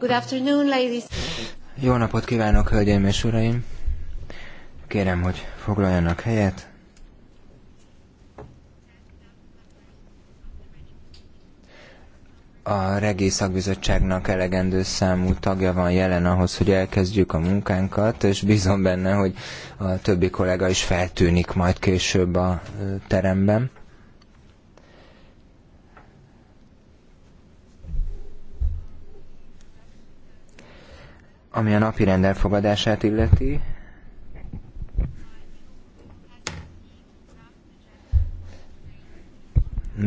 Good afternoon, ladies. Jó napot kívánok, hölgyeim és uraim! Kérem, hogy foglaljanak helyet. A Regi Szakbizottságnak elegendő számú tagja van jelen ahhoz, hogy elkezdjük a munkánkat, és bízom benne, hogy a többi kollega is feltűnik majd később a teremben. Ami a napi rend elfogadását illeti,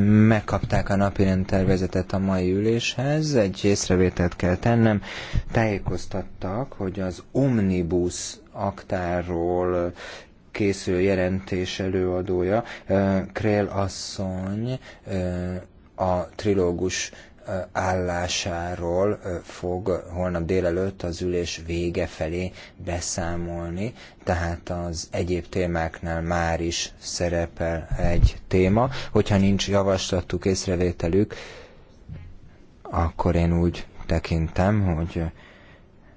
megkapták a napirend rendtervezetet a mai üléshez, egy észrevételt kell tennem. Tájékoztattak, hogy az Omnibus aktáról készülő jelentés előadója, Krél asszony, a trilógus állásáról fog holnap délelőtt az ülés vége felé beszámolni, tehát az egyéb témáknál már is szerepel egy téma. Hogyha nincs javaslatuk, észrevételük, akkor én úgy tekintem, hogy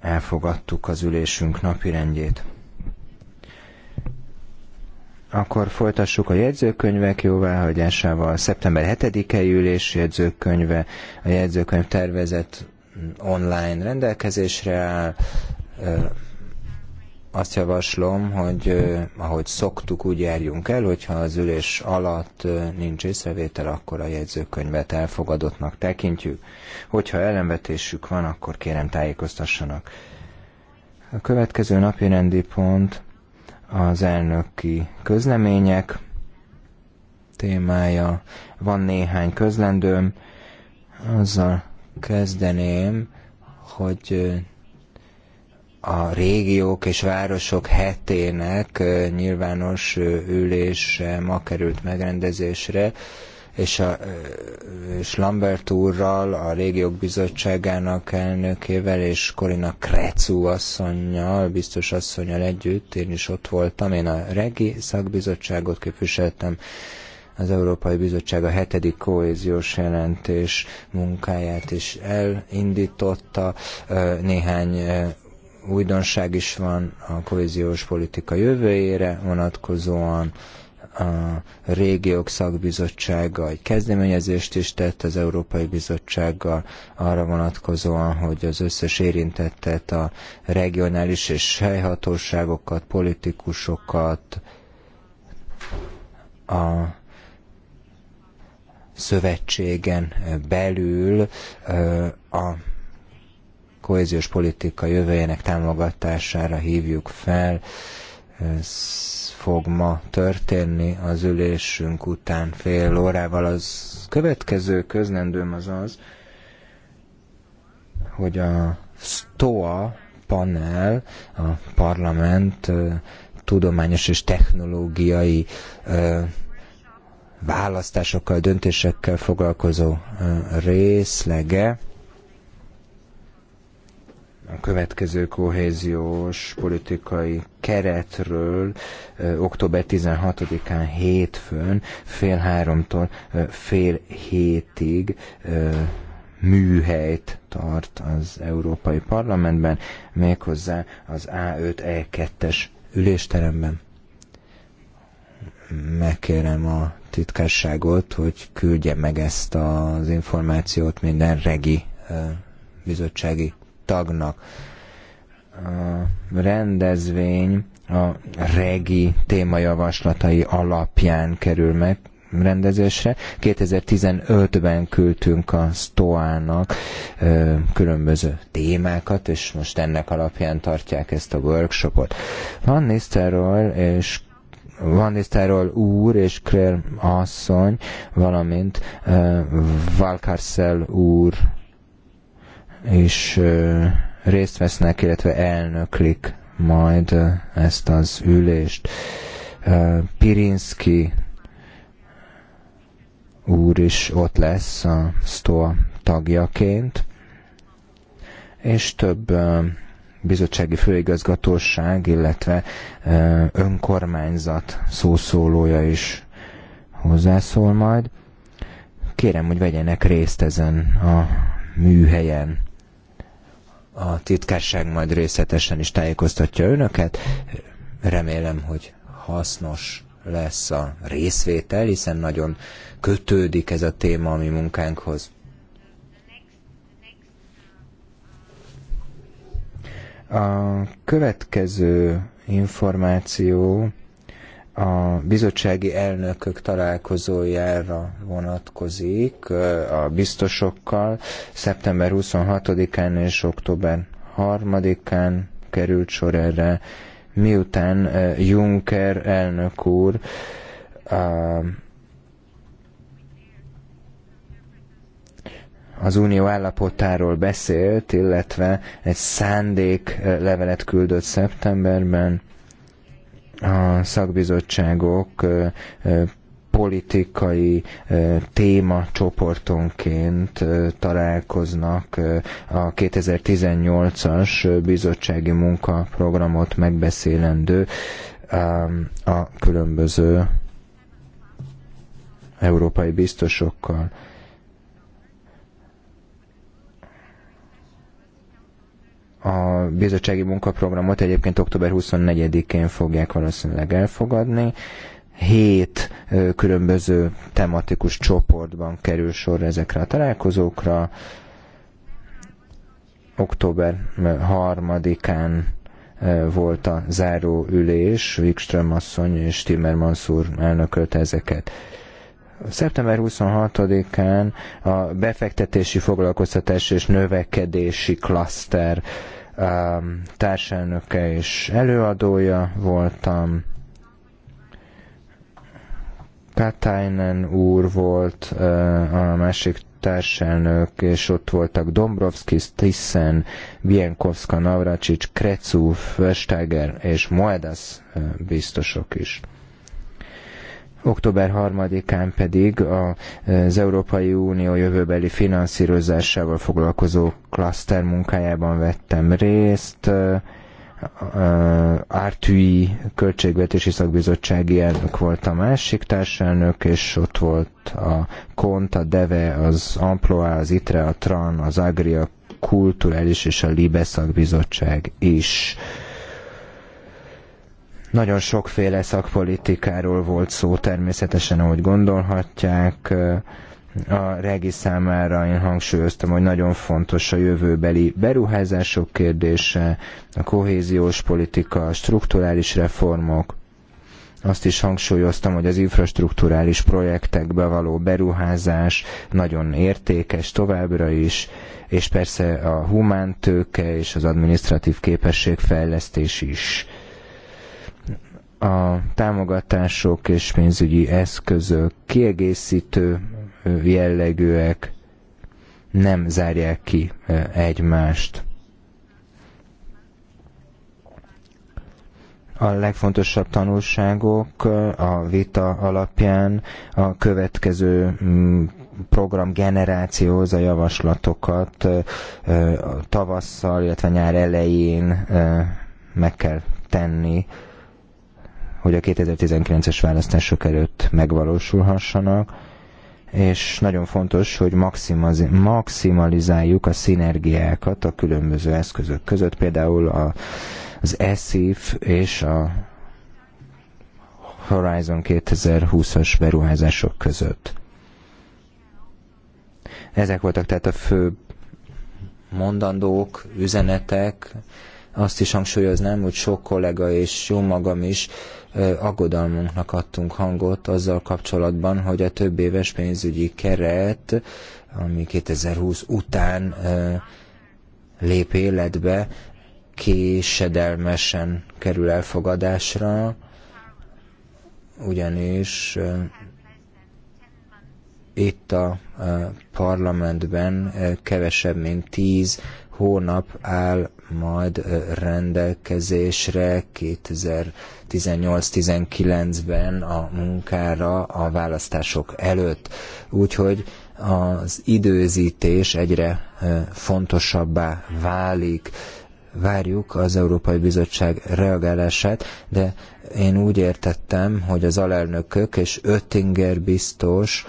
elfogadtuk az ülésünk napirendjét. Akkor folytassuk a jegyzőkönyvek jóváhagyásával. Szeptember 7-e ülés jegyzőkönyve, a jegyzőkönyv tervezett online rendelkezésre áll. Azt javaslom, hogy ahogy szoktuk, úgy járjunk el, hogyha az ülés alatt nincs észrevétel, akkor a jegyzőkönyvet elfogadottnak tekintjük. Hogyha ellenvetésük van, akkor kérem tájékoztassanak. A következő napi rendi pont az elnöki közlemények témája. Van néhány közlendőm. Azzal kezdeném, hogy a régiók és városok hetének nyilvános ülése ma került megrendezésre és, a, és Lambert úrral, a régiók bizottságának elnökével, és Korina Krecu asszonynal, biztos asszonynal együtt, én is ott voltam, én a regi szakbizottságot képviseltem, az Európai Bizottság a hetedik kohéziós jelentés munkáját is elindította, néhány újdonság is van a kohéziós politika jövőjére vonatkozóan, a régiók szakbizottsága egy kezdeményezést is tett az Európai Bizottsággal arra vonatkozóan, hogy az összes érintettet, a regionális és helyhatóságokat, politikusokat, a szövetségen belül a kohéziós politika jövőjének támogatására hívjuk fel. Ez fog ma történni az ülésünk után fél órával. Az következő köznendőm az az, hogy a STOA panel, a parlament tudományos és technológiai választásokkal, döntésekkel foglalkozó részlege a következő kohéziós politikai keretről október 16-án hétfőn fél háromtól fél hétig műhelyt tart az Európai Parlamentben, méghozzá az A5-E2-es ülésteremben. Megkérem a titkárságot, hogy küldje meg ezt az információt minden regi bizottsági tagnak. A rendezvény a regi témajavaslatai alapján kerül meg rendezésre. 2015-ben küldtünk a Stoának különböző témákat, és most ennek alapján tartják ezt a workshopot. Van Nisztáról és Van Nisztáról úr és Krél asszony, valamint Valkarszel úr is részt vesznek, illetve elnöklik majd ezt az ülést. Pirinski úr is ott lesz a STOA tagjaként, és több bizottsági főigazgatóság, illetve önkormányzat szószólója is hozzászól majd. Kérem, hogy vegyenek részt ezen a műhelyen. A titkárság majd részletesen is tájékoztatja önöket. Remélem, hogy hasznos lesz a részvétel, hiszen nagyon kötődik ez a téma a mi munkánkhoz. A következő információ a bizottsági elnökök találkozójára vonatkozik a biztosokkal. Szeptember 26-án és október 3-án került sor erre, miután Juncker elnök úr az unió állapotáról beszélt, illetve egy szándéklevelet küldött szeptemberben, a szakbizottságok politikai csoportonként találkoznak a 2018-as bizottsági munkaprogramot megbeszélendő a különböző európai biztosokkal. A bizottsági munkaprogramot egyébként október 24-én fogják valószínűleg elfogadni. Hét különböző tematikus csoportban kerül sor ezekre a találkozókra. Október 3-án volt a záró ülés, Wikström asszony és Timmermans úr elnökölte ezeket. Szeptember 26-án a befektetési foglalkoztatás és növekedési klaszter um, társelnöke és előadója voltam. Katainen úr volt uh, a másik társelnök, és ott voltak Dombrovski, Tissen, Bienkowska, Navracsics, Krecu, Vestager és Moedas uh, biztosok is október 3-án pedig az Európai Unió jövőbeli finanszírozásával foglalkozó klaszter munkájában vettem részt. Ártűi Költségvetési Szakbizottsági elnök volt a másik társelnök, és ott volt a KONT, a DEVE, az AMPLOA, az ITRE, a TRAN, az AGRIA, Kulturális és a LIBE Szakbizottság is. Nagyon sokféle szakpolitikáról volt szó, természetesen, ahogy gondolhatják. A regi számára én hangsúlyoztam, hogy nagyon fontos a jövőbeli beruházások kérdése, a kohéziós politika, a strukturális reformok, azt is hangsúlyoztam, hogy az infrastruktúrális projektekbe való beruházás nagyon értékes továbbra is, és persze a humántőke és az administratív képesség fejlesztés is a támogatások és pénzügyi eszközök kiegészítő jellegűek, nem zárják ki egymást. A legfontosabb tanulságok a vita alapján a következő mm, program generációhoz a javaslatokat tavasszal, illetve nyár elején meg kell tenni, hogy a 2019-es választások előtt megvalósulhassanak, és nagyon fontos, hogy maximalizáljuk a szinergiákat a különböző eszközök között, például a, az ESIF és a Horizon 2020-as beruházások között. Ezek voltak tehát a fő mondandók, üzenetek, azt is hangsúlyoznám, hogy sok kollega és jó magam is aggodalmunknak adtunk hangot azzal kapcsolatban, hogy a több éves pénzügyi keret, ami 2020 után lép életbe, késedelmesen kerül elfogadásra, ugyanis itt a parlamentben kevesebb, mint 10 hónap áll majd rendelkezésre 2018-19-ben a munkára a választások előtt. Úgyhogy az időzítés egyre fontosabbá válik. Várjuk az Európai Bizottság reagálását, de én úgy értettem, hogy az alelnökök és Öttinger biztos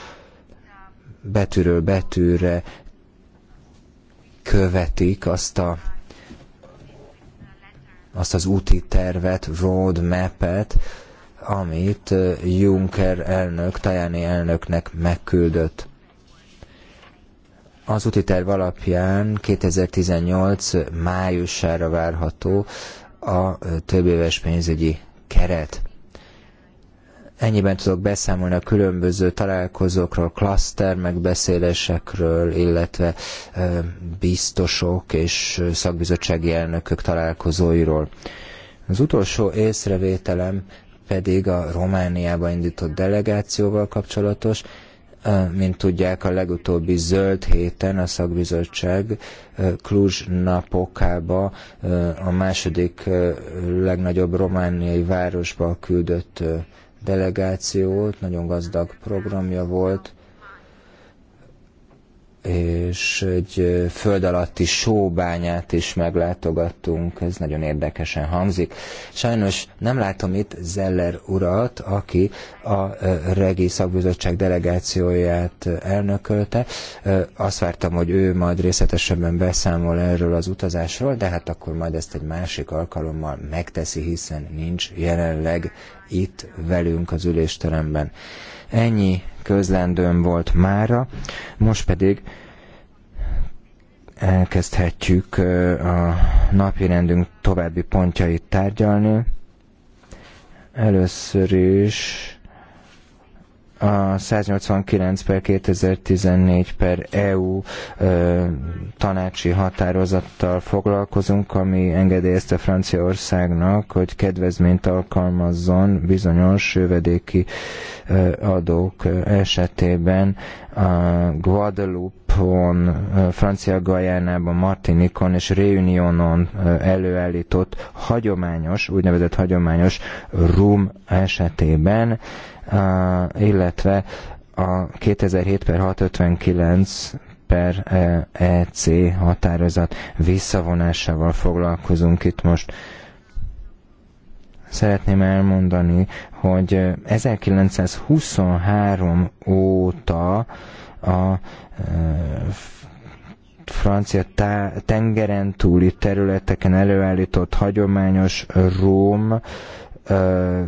betűről betűre követik azt a azt az úti tervet, road et amit Juncker elnök, Tajani elnöknek megküldött. Az úti terv alapján 2018 májusára várható a többéves pénzügyi keret. Ennyiben tudok beszámolni a különböző találkozókról, klaszter megbeszélésekről, illetve biztosok és szakbizottsági elnökök találkozóiról. Az utolsó észrevételem pedig a Romániába indított delegációval kapcsolatos. Mint tudják, a legutóbbi zöld héten a szakbizottság Kluzs napokába a második legnagyobb romániai városba küldött delegációt, nagyon gazdag programja volt, és egy föld alatti sóbányát is meglátogattunk, ez nagyon érdekesen hangzik. Sajnos nem látom itt Zeller urat, aki a Regi Szakbizottság delegációját elnökölte. Azt vártam, hogy ő majd részletesebben beszámol erről az utazásról, de hát akkor majd ezt egy másik alkalommal megteszi, hiszen nincs jelenleg itt velünk az ülésteremben. Ennyi közlendőm volt mára, most pedig elkezdhetjük a napirendünk további pontjait tárgyalni. Először is a 189 per 2014 per EU ö, tanácsi határozattal foglalkozunk, ami engedélyezte Franciaországnak, hogy kedvezményt alkalmazzon bizonyos jövedéki ö, adók esetében a Guadeloupe-on, Francia Gajánában, Martinikon és Réunionon előállított hagyományos, úgynevezett hagyományos rum esetében illetve a 2007 per 659 per EC e határozat visszavonásával foglalkozunk itt most. Szeretném elmondani, hogy 1923 óta a e, francia tengeren túli területeken előállított hagyományos róm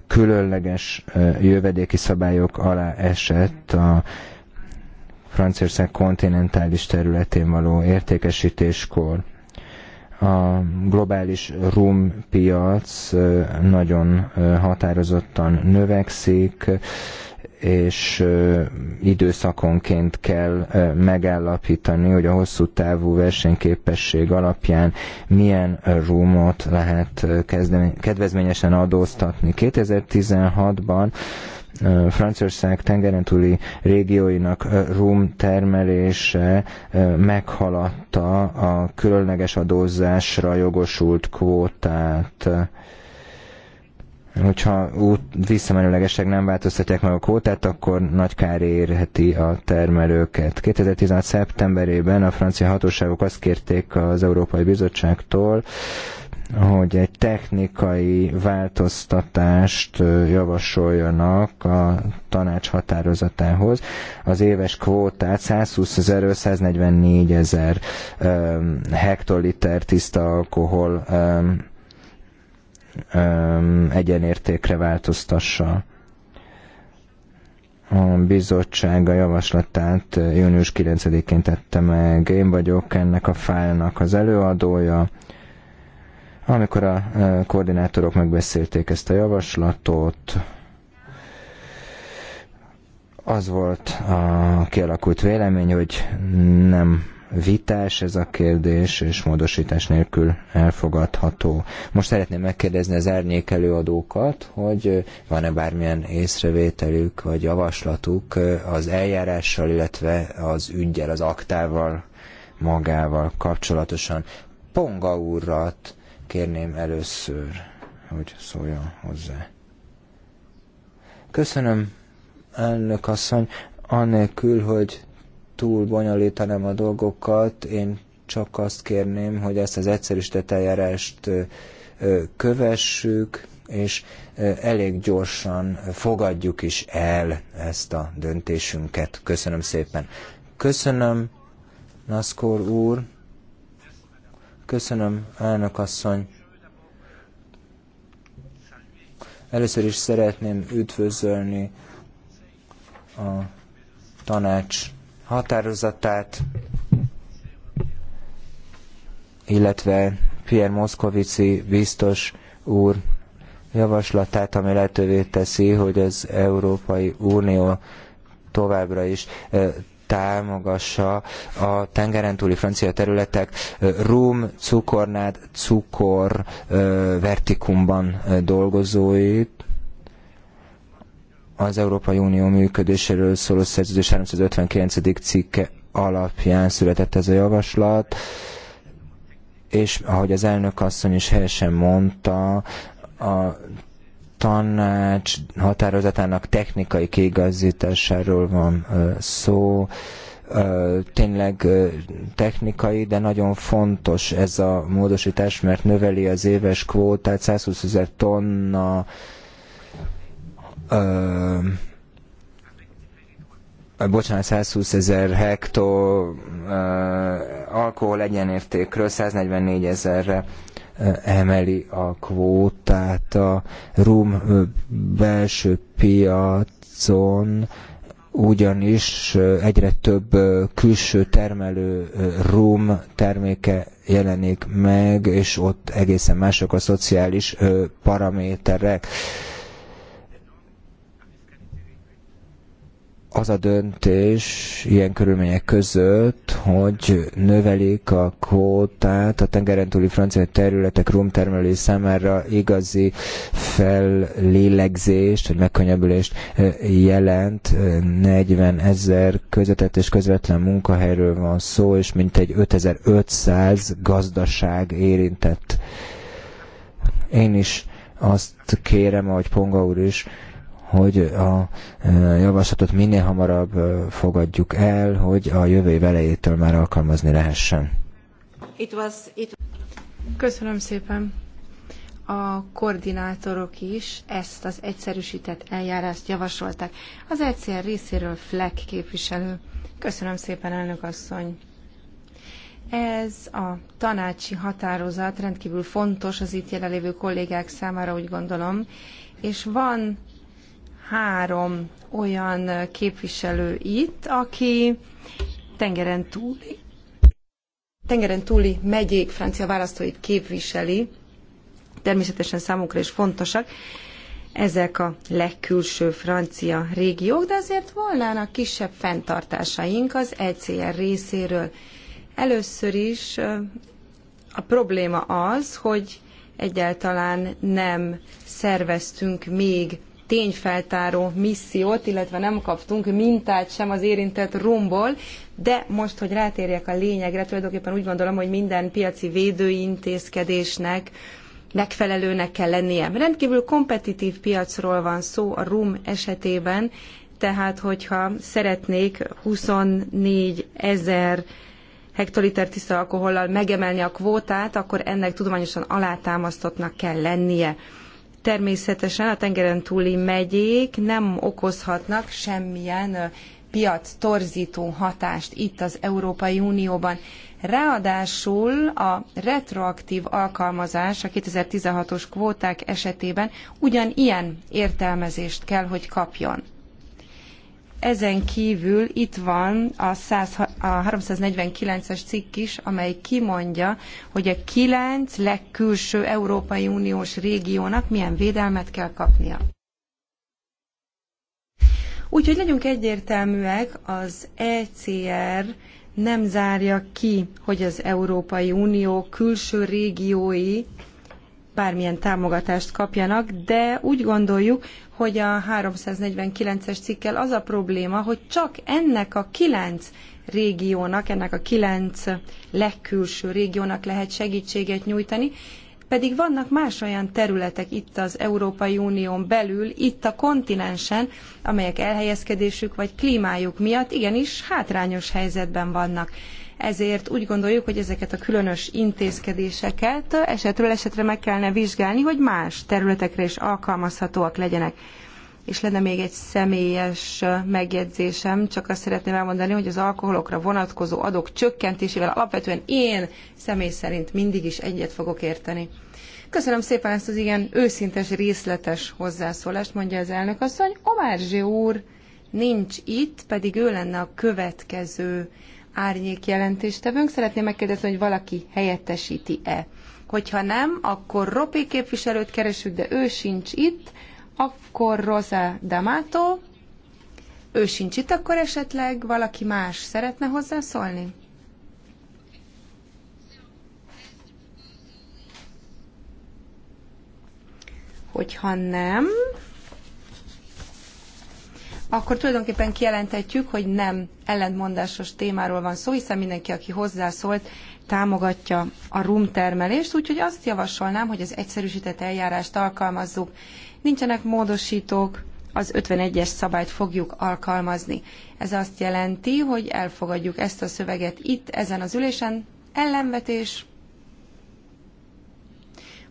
különleges jövedéki szabályok alá esett a Franciaország kontinentális területén való értékesítéskor. A globális rum piac nagyon határozottan növekszik, és időszakonként kell megállapítani, hogy a hosszú távú versenyképesség alapján milyen rumot lehet kedvezményesen adóztatni. 2016-ban Franciaország tengeren túli régióinak rum termelése meghaladta a különleges adózásra jogosult kvótát hogyha út, visszamenőlegesek nem változtatják meg a kótát, akkor nagy kár érheti a termelőket. 2016. szeptemberében a francia hatóságok azt kérték az Európai Bizottságtól, hogy egy technikai változtatást javasoljanak a tanács határozatához. Az éves kvótát 120 ezer 144 ezer hektoliter tiszta alkohol Um, egyenértékre változtassa a bizottság a javaslatát uh, június 9-én tette meg. Én vagyok ennek a fájlnak az előadója. Amikor a uh, koordinátorok megbeszélték ezt a javaslatot, az volt a kialakult vélemény, hogy nem vitás ez a kérdés, és módosítás nélkül elfogadható. Most szeretném megkérdezni az árnyék előadókat, hogy van-e bármilyen észrevételük vagy javaslatuk az eljárással, illetve az ügyel, az aktával magával kapcsolatosan. Ponga úrat kérném először, hogy szóljon hozzá. Köszönöm, elnök asszony, anélkül, hogy túl bonyolítanám a dolgokat, én csak azt kérném, hogy ezt az egyszerűsített eljárást kövessük, és elég gyorsan fogadjuk is el ezt a döntésünket. Köszönöm szépen. Köszönöm, Naszkor úr. Köszönöm, elnök asszony. Először is szeretném üdvözölni a tanács határozatát, illetve Pierre Moszkovici biztos úr javaslatát, ami lehetővé teszi, hogy az Európai Unió továbbra is támogassa a tengeren túli francia területek rum, cukornád, cukor vertikumban dolgozóit, az Európai Unió működéséről szóló szerződés 359. cikke alapján született ez a javaslat, és ahogy az elnök asszony is helyesen mondta, a tanács határozatának technikai kiigazításáról van szó, tényleg technikai, de nagyon fontos ez a módosítás, mert növeli az éves kvótát 120 ezer tonna bocsánat, 120 ezer hektó alkohol egyenértékről 144 ezerre emeli a kvótát a rum belső piacon, ugyanis egyre több külső termelő rum terméke jelenik meg, és ott egészen mások a szociális paraméterek. az a döntés ilyen körülmények között, hogy növelik a kvótát a tengeren túli francia területek rumtermelői számára igazi fellélegzést, vagy megkönnyebbülést jelent. 40 ezer közvetett és közvetlen munkahelyről van szó, és mintegy 5500 gazdaság érintett. Én is azt kérem, ahogy Ponga úr is, hogy a e, javaslatot minél hamarabb e, fogadjuk el, hogy a jövő év elejétől már alkalmazni lehessen. It was, it... Köszönöm szépen. A koordinátorok is ezt az egyszerűsített eljárást javasolták. Az ECR részéről Fleck képviselő. Köszönöm szépen, elnök asszony. Ez a tanácsi határozat rendkívül fontos az itt jelenlévő kollégák számára, úgy gondolom, és van három olyan képviselő itt, aki tengeren túli, tengeren túli megyék francia választóit képviseli, természetesen számunkra is fontosak, ezek a legkülső francia régiók, de azért volnának kisebb fenntartásaink az ECR részéről. Először is a probléma az, hogy egyáltalán nem szerveztünk még tényfeltáró missziót, illetve nem kaptunk mintát sem az érintett romból, de most, hogy rátérjek a lényegre, tulajdonképpen úgy gondolom, hogy minden piaci védőintézkedésnek megfelelőnek kell lennie. Rendkívül kompetitív piacról van szó a rum esetében, tehát hogyha szeretnék 24 ezer hektoliter tiszta alkohollal megemelni a kvótát, akkor ennek tudományosan alátámasztottnak kell lennie. Természetesen a tengeren túli megyék nem okozhatnak semmilyen piac torzító hatást itt az Európai Unióban. Ráadásul a retroaktív alkalmazás a 2016-os kvóták esetében ugyanilyen értelmezést kell, hogy kapjon. Ezen kívül itt van a, 100, a 349-es cikk is, amely kimondja, hogy a kilenc legkülső Európai Uniós régiónak milyen védelmet kell kapnia. Úgyhogy legyünk egyértelműek, az ECR nem zárja ki, hogy az Európai Unió külső régiói bármilyen támogatást kapjanak, de úgy gondoljuk, hogy a 349-es cikkel az a probléma, hogy csak ennek a kilenc régiónak, ennek a kilenc legkülső régiónak lehet segítséget nyújtani, pedig vannak más olyan területek itt az Európai Unión belül, itt a kontinensen, amelyek elhelyezkedésük vagy klímájuk miatt igenis hátrányos helyzetben vannak ezért úgy gondoljuk, hogy ezeket a különös intézkedéseket esetről esetre meg kellene vizsgálni, hogy más területekre is alkalmazhatóak legyenek. És lenne még egy személyes megjegyzésem, csak azt szeretném elmondani, hogy az alkoholokra vonatkozó adók csökkentésével alapvetően én személy szerint mindig is egyet fogok érteni. Köszönöm szépen ezt az igen őszintes, részletes hozzászólást, mondja az elnök asszony. Omárzsi úr nincs itt, pedig ő lenne a következő árnyék jelentéstevőnk. Szeretném megkérdezni, hogy valaki helyettesíti-e. Hogyha nem, akkor Ropi képviselőt keresünk, de ő sincs itt. Akkor Rosa D'Amato. Ő sincs itt, akkor esetleg valaki más szeretne hozzászólni? Hogyha nem, akkor tulajdonképpen kijelenthetjük, hogy nem ellentmondásos témáról van szó, hiszen mindenki, aki hozzászólt, támogatja a rumtermelést, úgyhogy azt javasolnám, hogy az egyszerűsített eljárást alkalmazzuk. Nincsenek módosítók, az 51-es szabályt fogjuk alkalmazni. Ez azt jelenti, hogy elfogadjuk ezt a szöveget itt, ezen az ülésen. Ellenvetés,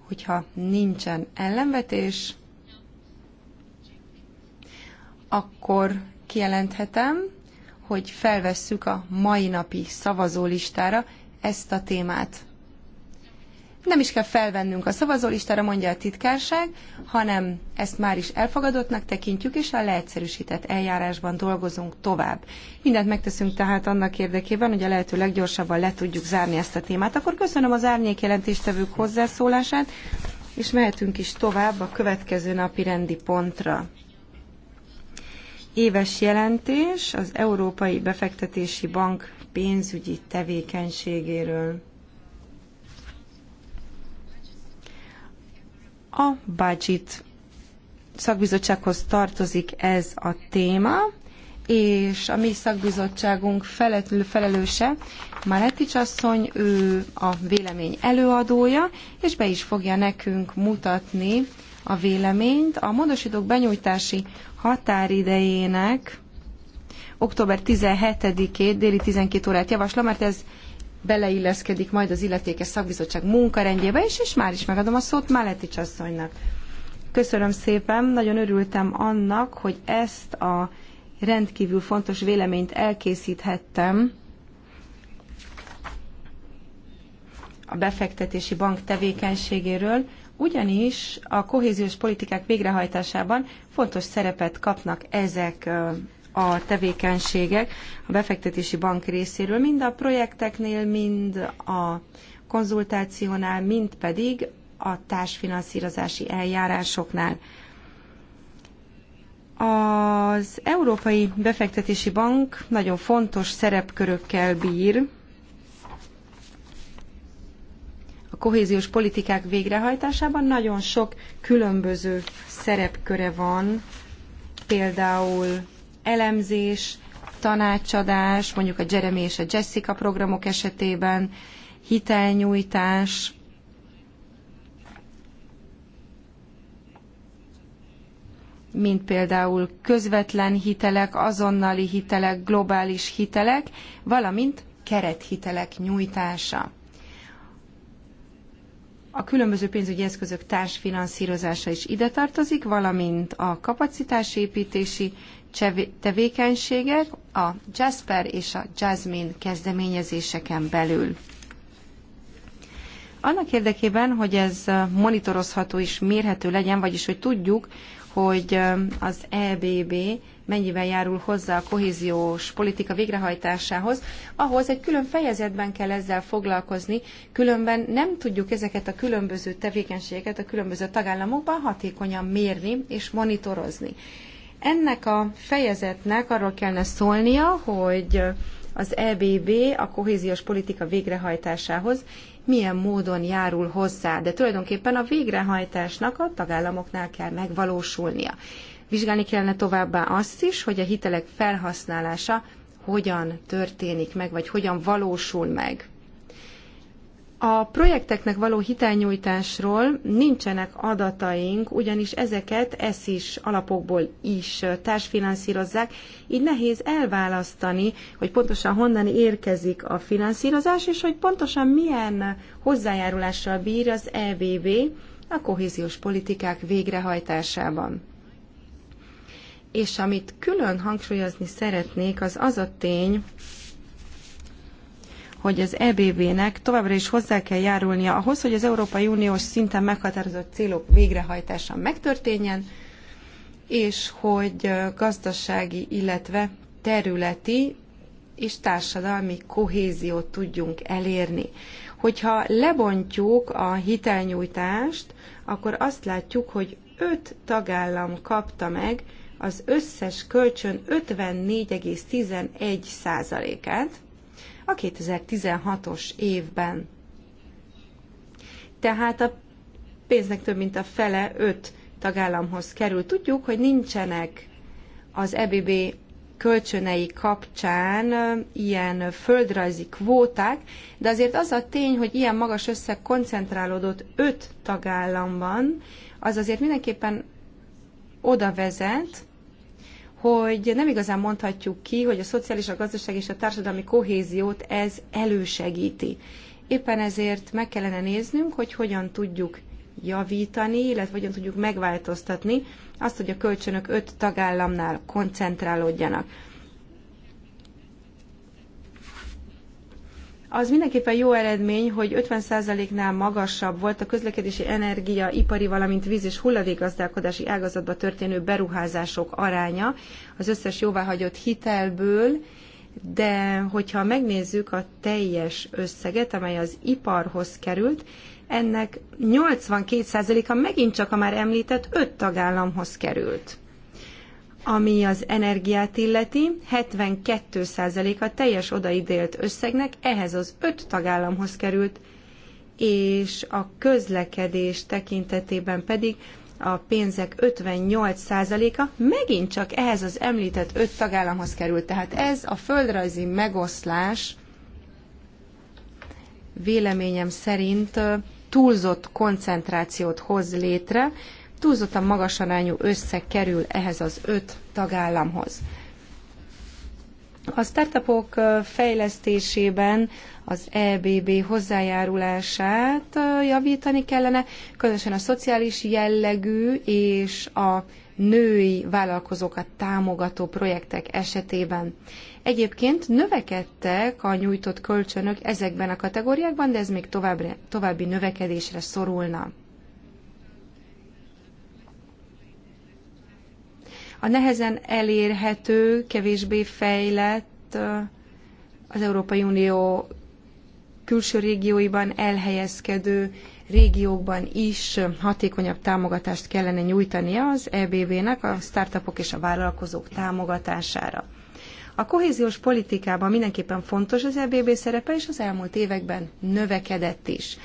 hogyha nincsen ellenvetés, akkor kijelenthetem, hogy felvesszük a mai napi szavazólistára ezt a témát. Nem is kell felvennünk a szavazólistára, mondja a titkárság, hanem ezt már is elfogadottnak tekintjük, és a leegyszerűsített eljárásban dolgozunk tovább. Mindent megteszünk tehát annak érdekében, hogy a lehető leggyorsabban le tudjuk zárni ezt a témát. Akkor köszönöm az árnyékjelentéstevők hozzászólását, és mehetünk is tovább a következő napi rendi pontra éves jelentés az Európai Befektetési Bank pénzügyi tevékenységéről. A budget szakbizottsághoz tartozik ez a téma, és a mi szakbizottságunk felelőse, Maletics asszony, ő a vélemény előadója, és be is fogja nekünk mutatni a véleményt. A módosítók benyújtási határidejének október 17-ét déli 12 órát javaslom, mert ez beleilleszkedik majd az illetékes szakbizottság munkarendjébe, és, és már is megadom a szót Máletics asszonynak. Köszönöm szépen, nagyon örültem annak, hogy ezt a rendkívül fontos véleményt elkészíthettem a befektetési bank tevékenységéről, ugyanis a kohéziós politikák végrehajtásában fontos szerepet kapnak ezek a tevékenységek a befektetési bank részéről, mind a projekteknél, mind a konzultációnál, mind pedig a társfinanszírozási eljárásoknál. Az Európai Befektetési Bank nagyon fontos szerepkörökkel bír, kohéziós politikák végrehajtásában nagyon sok különböző szerepköre van, például elemzés, tanácsadás, mondjuk a Jeremy és a Jessica programok esetében, hitelnyújtás, mint például közvetlen hitelek, azonnali hitelek, globális hitelek, valamint kerethitelek nyújtása a különböző pénzügyi eszközök társfinanszírozása is ide tartozik, valamint a kapacitásépítési tevékenységek a Jasper és a Jasmine kezdeményezéseken belül. Annak érdekében, hogy ez monitorozható és mérhető legyen, vagyis hogy tudjuk, hogy az EBB mennyiben járul hozzá a kohéziós politika végrehajtásához, ahhoz egy külön fejezetben kell ezzel foglalkozni, különben nem tudjuk ezeket a különböző tevékenységeket a különböző tagállamokban hatékonyan mérni és monitorozni. Ennek a fejezetnek arról kellene szólnia, hogy az EBB a kohéziós politika végrehajtásához milyen módon járul hozzá, de tulajdonképpen a végrehajtásnak a tagállamoknál kell megvalósulnia. Vizsgálni kellene továbbá azt is, hogy a hitelek felhasználása hogyan történik meg, vagy hogyan valósul meg. A projekteknek való hitelnyújtásról nincsenek adataink, ugyanis ezeket ez is alapokból is társfinanszírozzák, így nehéz elválasztani, hogy pontosan honnan érkezik a finanszírozás, és hogy pontosan milyen hozzájárulással bír az EBB a kohéziós politikák végrehajtásában. És amit külön hangsúlyozni szeretnék, az az a tény, hogy az EBB-nek továbbra is hozzá kell járulnia ahhoz, hogy az Európai Uniós szinten meghatározott célok végrehajtása megtörténjen, és hogy gazdasági, illetve területi és társadalmi kohéziót tudjunk elérni. Hogyha lebontjuk a hitelnyújtást, akkor azt látjuk, hogy öt tagállam kapta meg az összes kölcsön 54,11%-át a 2016-os évben. Tehát a pénznek több mint a fele 5 tagállamhoz kerül. Tudjuk, hogy nincsenek az EBB kölcsönei kapcsán ilyen földrajzi kvóták, de azért az a tény, hogy ilyen magas összeg koncentrálódott öt tagállamban, az azért mindenképpen oda vezet, hogy nem igazán mondhatjuk ki, hogy a szociális, a gazdaság és a társadalmi kohéziót ez elősegíti. Éppen ezért meg kellene néznünk, hogy hogyan tudjuk javítani, illetve hogyan tudjuk megváltoztatni azt, hogy a kölcsönök öt tagállamnál koncentrálódjanak. Az mindenképpen jó eredmény, hogy 50%-nál magasabb volt a közlekedési energia, ipari, valamint víz és hulladékgazdálkodási ágazatba történő beruházások aránya az összes jóváhagyott hitelből, de hogyha megnézzük a teljes összeget, amely az iparhoz került, ennek 82%-a megint csak a már említett öt tagállamhoz került. Ami az energiát illeti, 72% a teljes odaidélt összegnek ehhez az öt tagállamhoz került, és a közlekedés tekintetében pedig a pénzek 58%-a megint csak ehhez az említett öt tagállamhoz került. Tehát ez a földrajzi megoszlás véleményem szerint túlzott koncentrációt hoz létre, túlzottan magas arányú összeg kerül ehhez az öt tagállamhoz. A startupok fejlesztésében az EBB hozzájárulását javítani kellene, különösen a szociális jellegű és a női vállalkozókat támogató projektek esetében. Egyébként növekedtek a nyújtott kölcsönök ezekben a kategóriákban, de ez még további, további növekedésre szorulna. A nehezen elérhető, kevésbé fejlett az Európai Unió külső régióiban elhelyezkedő régiókban is hatékonyabb támogatást kellene nyújtani az ebv nek a startupok és a vállalkozók támogatására. A kohéziós politikában mindenképpen fontos az EBB szerepe, és az elmúlt években növekedett is.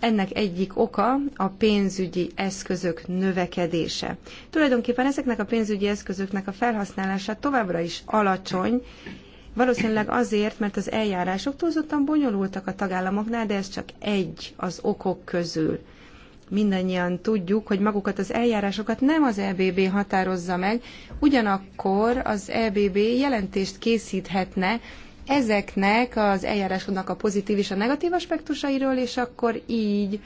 Ennek egyik oka a pénzügyi eszközök növekedése. Tulajdonképpen ezeknek a pénzügyi eszközöknek a felhasználása továbbra is alacsony, Valószínűleg azért, mert az eljárások túlzottan bonyolultak a tagállamoknál, de ez csak egy az okok közül. Mindannyian tudjuk, hogy magukat az eljárásokat nem az EBB határozza meg, ugyanakkor az EBB jelentést készíthetne ezeknek az eljárásoknak a pozitív és a negatív aspektusairól, és akkor így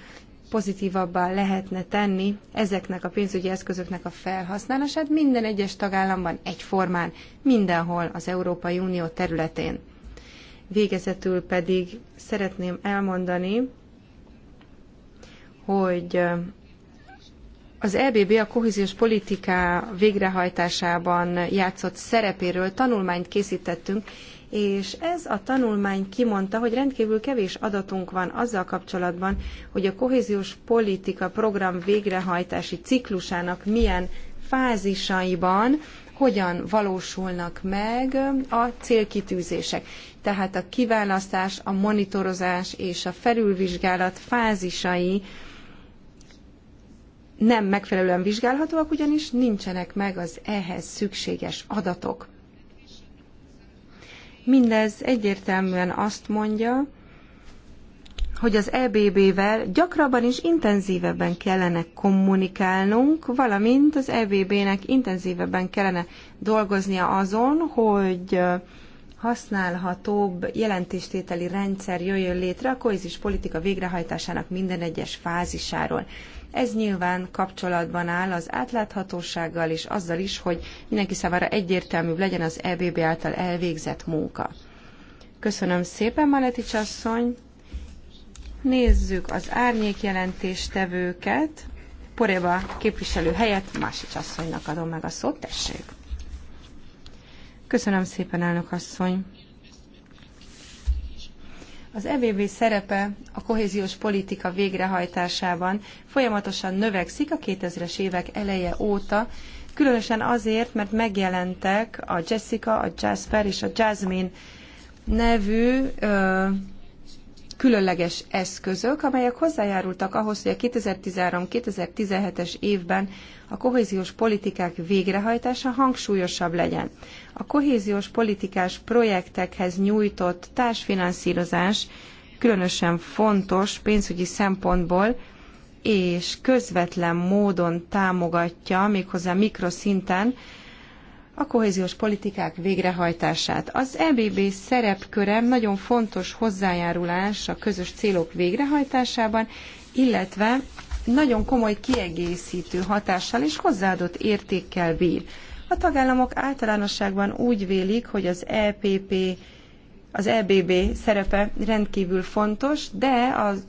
pozitívabbá lehetne tenni ezeknek a pénzügyi eszközöknek a felhasználását minden egyes tagállamban egyformán, mindenhol az Európai Unió területén. Végezetül pedig szeretném elmondani, hogy az EBB a kohéziós politika végrehajtásában játszott szerepéről tanulmányt készítettünk, és ez a tanulmány kimondta, hogy rendkívül kevés adatunk van azzal kapcsolatban, hogy a kohéziós politika program végrehajtási ciklusának milyen fázisaiban hogyan valósulnak meg a célkitűzések. Tehát a kiválasztás, a monitorozás és a felülvizsgálat fázisai nem megfelelően vizsgálhatóak, ugyanis nincsenek meg az ehhez szükséges adatok. Mindez egyértelműen azt mondja, hogy az EBB-vel gyakrabban és intenzívebben kellene kommunikálnunk, valamint az EBB-nek intenzívebben kellene dolgoznia azon, hogy használhatóbb jelentéstételi rendszer jöjjön létre a kohézis politika végrehajtásának minden egyes fázisáról. Ez nyilván kapcsolatban áll az átláthatósággal és azzal is, hogy mindenki számára egyértelműbb legyen az EBB által elvégzett munka. Köszönöm szépen, Maletics asszony! Nézzük az árnyék jelentéstevőket. Poréba képviselő helyett Másics asszonynak adom meg a szót, tessék! Köszönöm szépen, elnök asszony! Az EBB szerepe a kohéziós politika végrehajtásában folyamatosan növekszik a 2000-es évek eleje óta, különösen azért, mert megjelentek a Jessica, a Jasper és a Jasmine nevű ö, különleges eszközök, amelyek hozzájárultak ahhoz, hogy a 2013-2017-es évben a kohéziós politikák végrehajtása hangsúlyosabb legyen. A kohéziós politikás projektekhez nyújtott társfinanszírozás különösen fontos pénzügyi szempontból, és közvetlen módon támogatja, méghozzá mikroszinten a kohéziós politikák végrehajtását. Az EBB szerepköre nagyon fontos hozzájárulás a közös célok végrehajtásában, illetve nagyon komoly kiegészítő hatással és hozzáadott értékkel bír. A tagállamok általánosságban úgy vélik, hogy az EPP, az EBB szerepe rendkívül fontos, de az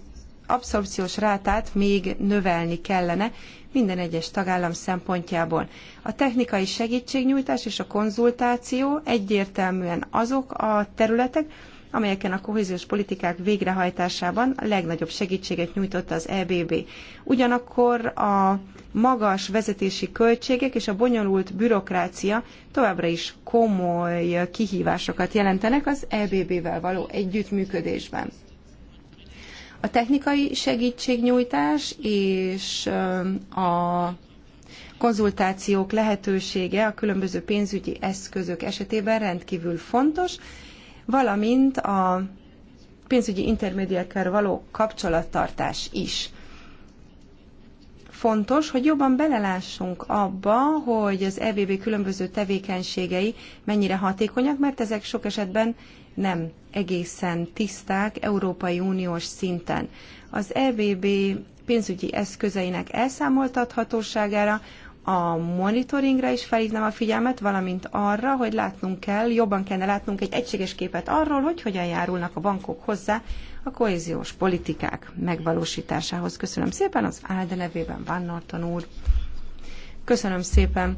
abszorpciós rátát még növelni kellene, minden egyes tagállam szempontjából. A technikai segítségnyújtás és a konzultáció egyértelműen azok a területek, amelyeken a kohéziós politikák végrehajtásában a legnagyobb segítséget nyújtotta az EBB. Ugyanakkor a magas vezetési költségek és a bonyolult bürokrácia továbbra is komoly kihívásokat jelentenek az EBB-vel való együttműködésben. A technikai segítségnyújtás és a konzultációk lehetősége a különböző pénzügyi eszközök esetében rendkívül fontos, valamint a pénzügyi intermédiákkal való kapcsolattartás is. Fontos, hogy jobban belelássunk abba, hogy az EBB különböző tevékenységei mennyire hatékonyak, mert ezek sok esetben nem egészen tiszták Európai Uniós szinten. Az EBB pénzügyi eszközeinek elszámoltathatóságára, a monitoringra is felhívnám a figyelmet, valamint arra, hogy látnunk kell, jobban kellene látnunk egy egységes képet arról, hogy hogyan járulnak a bankok hozzá a kohéziós politikák megvalósításához. Köszönöm szépen, az Álde nevében Van Norton úr. Köszönöm szépen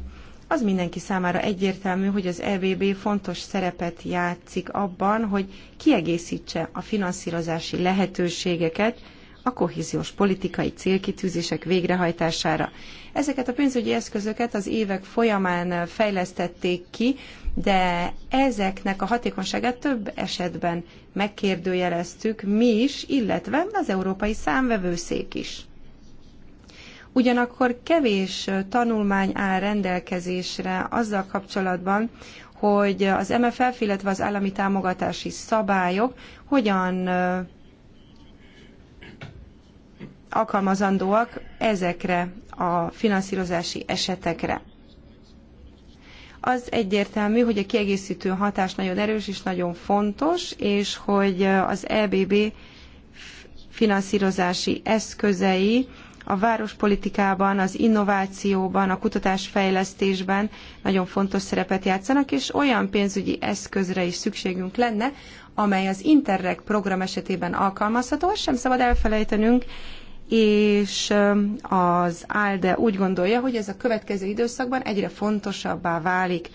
az mindenki számára egyértelmű, hogy az EBB fontos szerepet játszik abban, hogy kiegészítse a finanszírozási lehetőségeket a kohéziós politikai célkitűzések végrehajtására. Ezeket a pénzügyi eszközöket az évek folyamán fejlesztették ki, de ezeknek a hatékonyságát több esetben megkérdőjeleztük mi is, illetve az Európai Számvevőszék is. Ugyanakkor kevés tanulmány áll rendelkezésre azzal kapcsolatban, hogy az MFF, illetve az állami támogatási szabályok hogyan alkalmazandóak ezekre a finanszírozási esetekre. Az egyértelmű, hogy a kiegészítő hatás nagyon erős és nagyon fontos, és hogy az EBB finanszírozási eszközei a várospolitikában, az innovációban, a kutatásfejlesztésben nagyon fontos szerepet játszanak, és olyan pénzügyi eszközre is szükségünk lenne, amely az Interreg program esetében alkalmazható, azt sem szabad elfelejtenünk, és az ALDE úgy gondolja, hogy ez a következő időszakban egyre fontosabbá válik.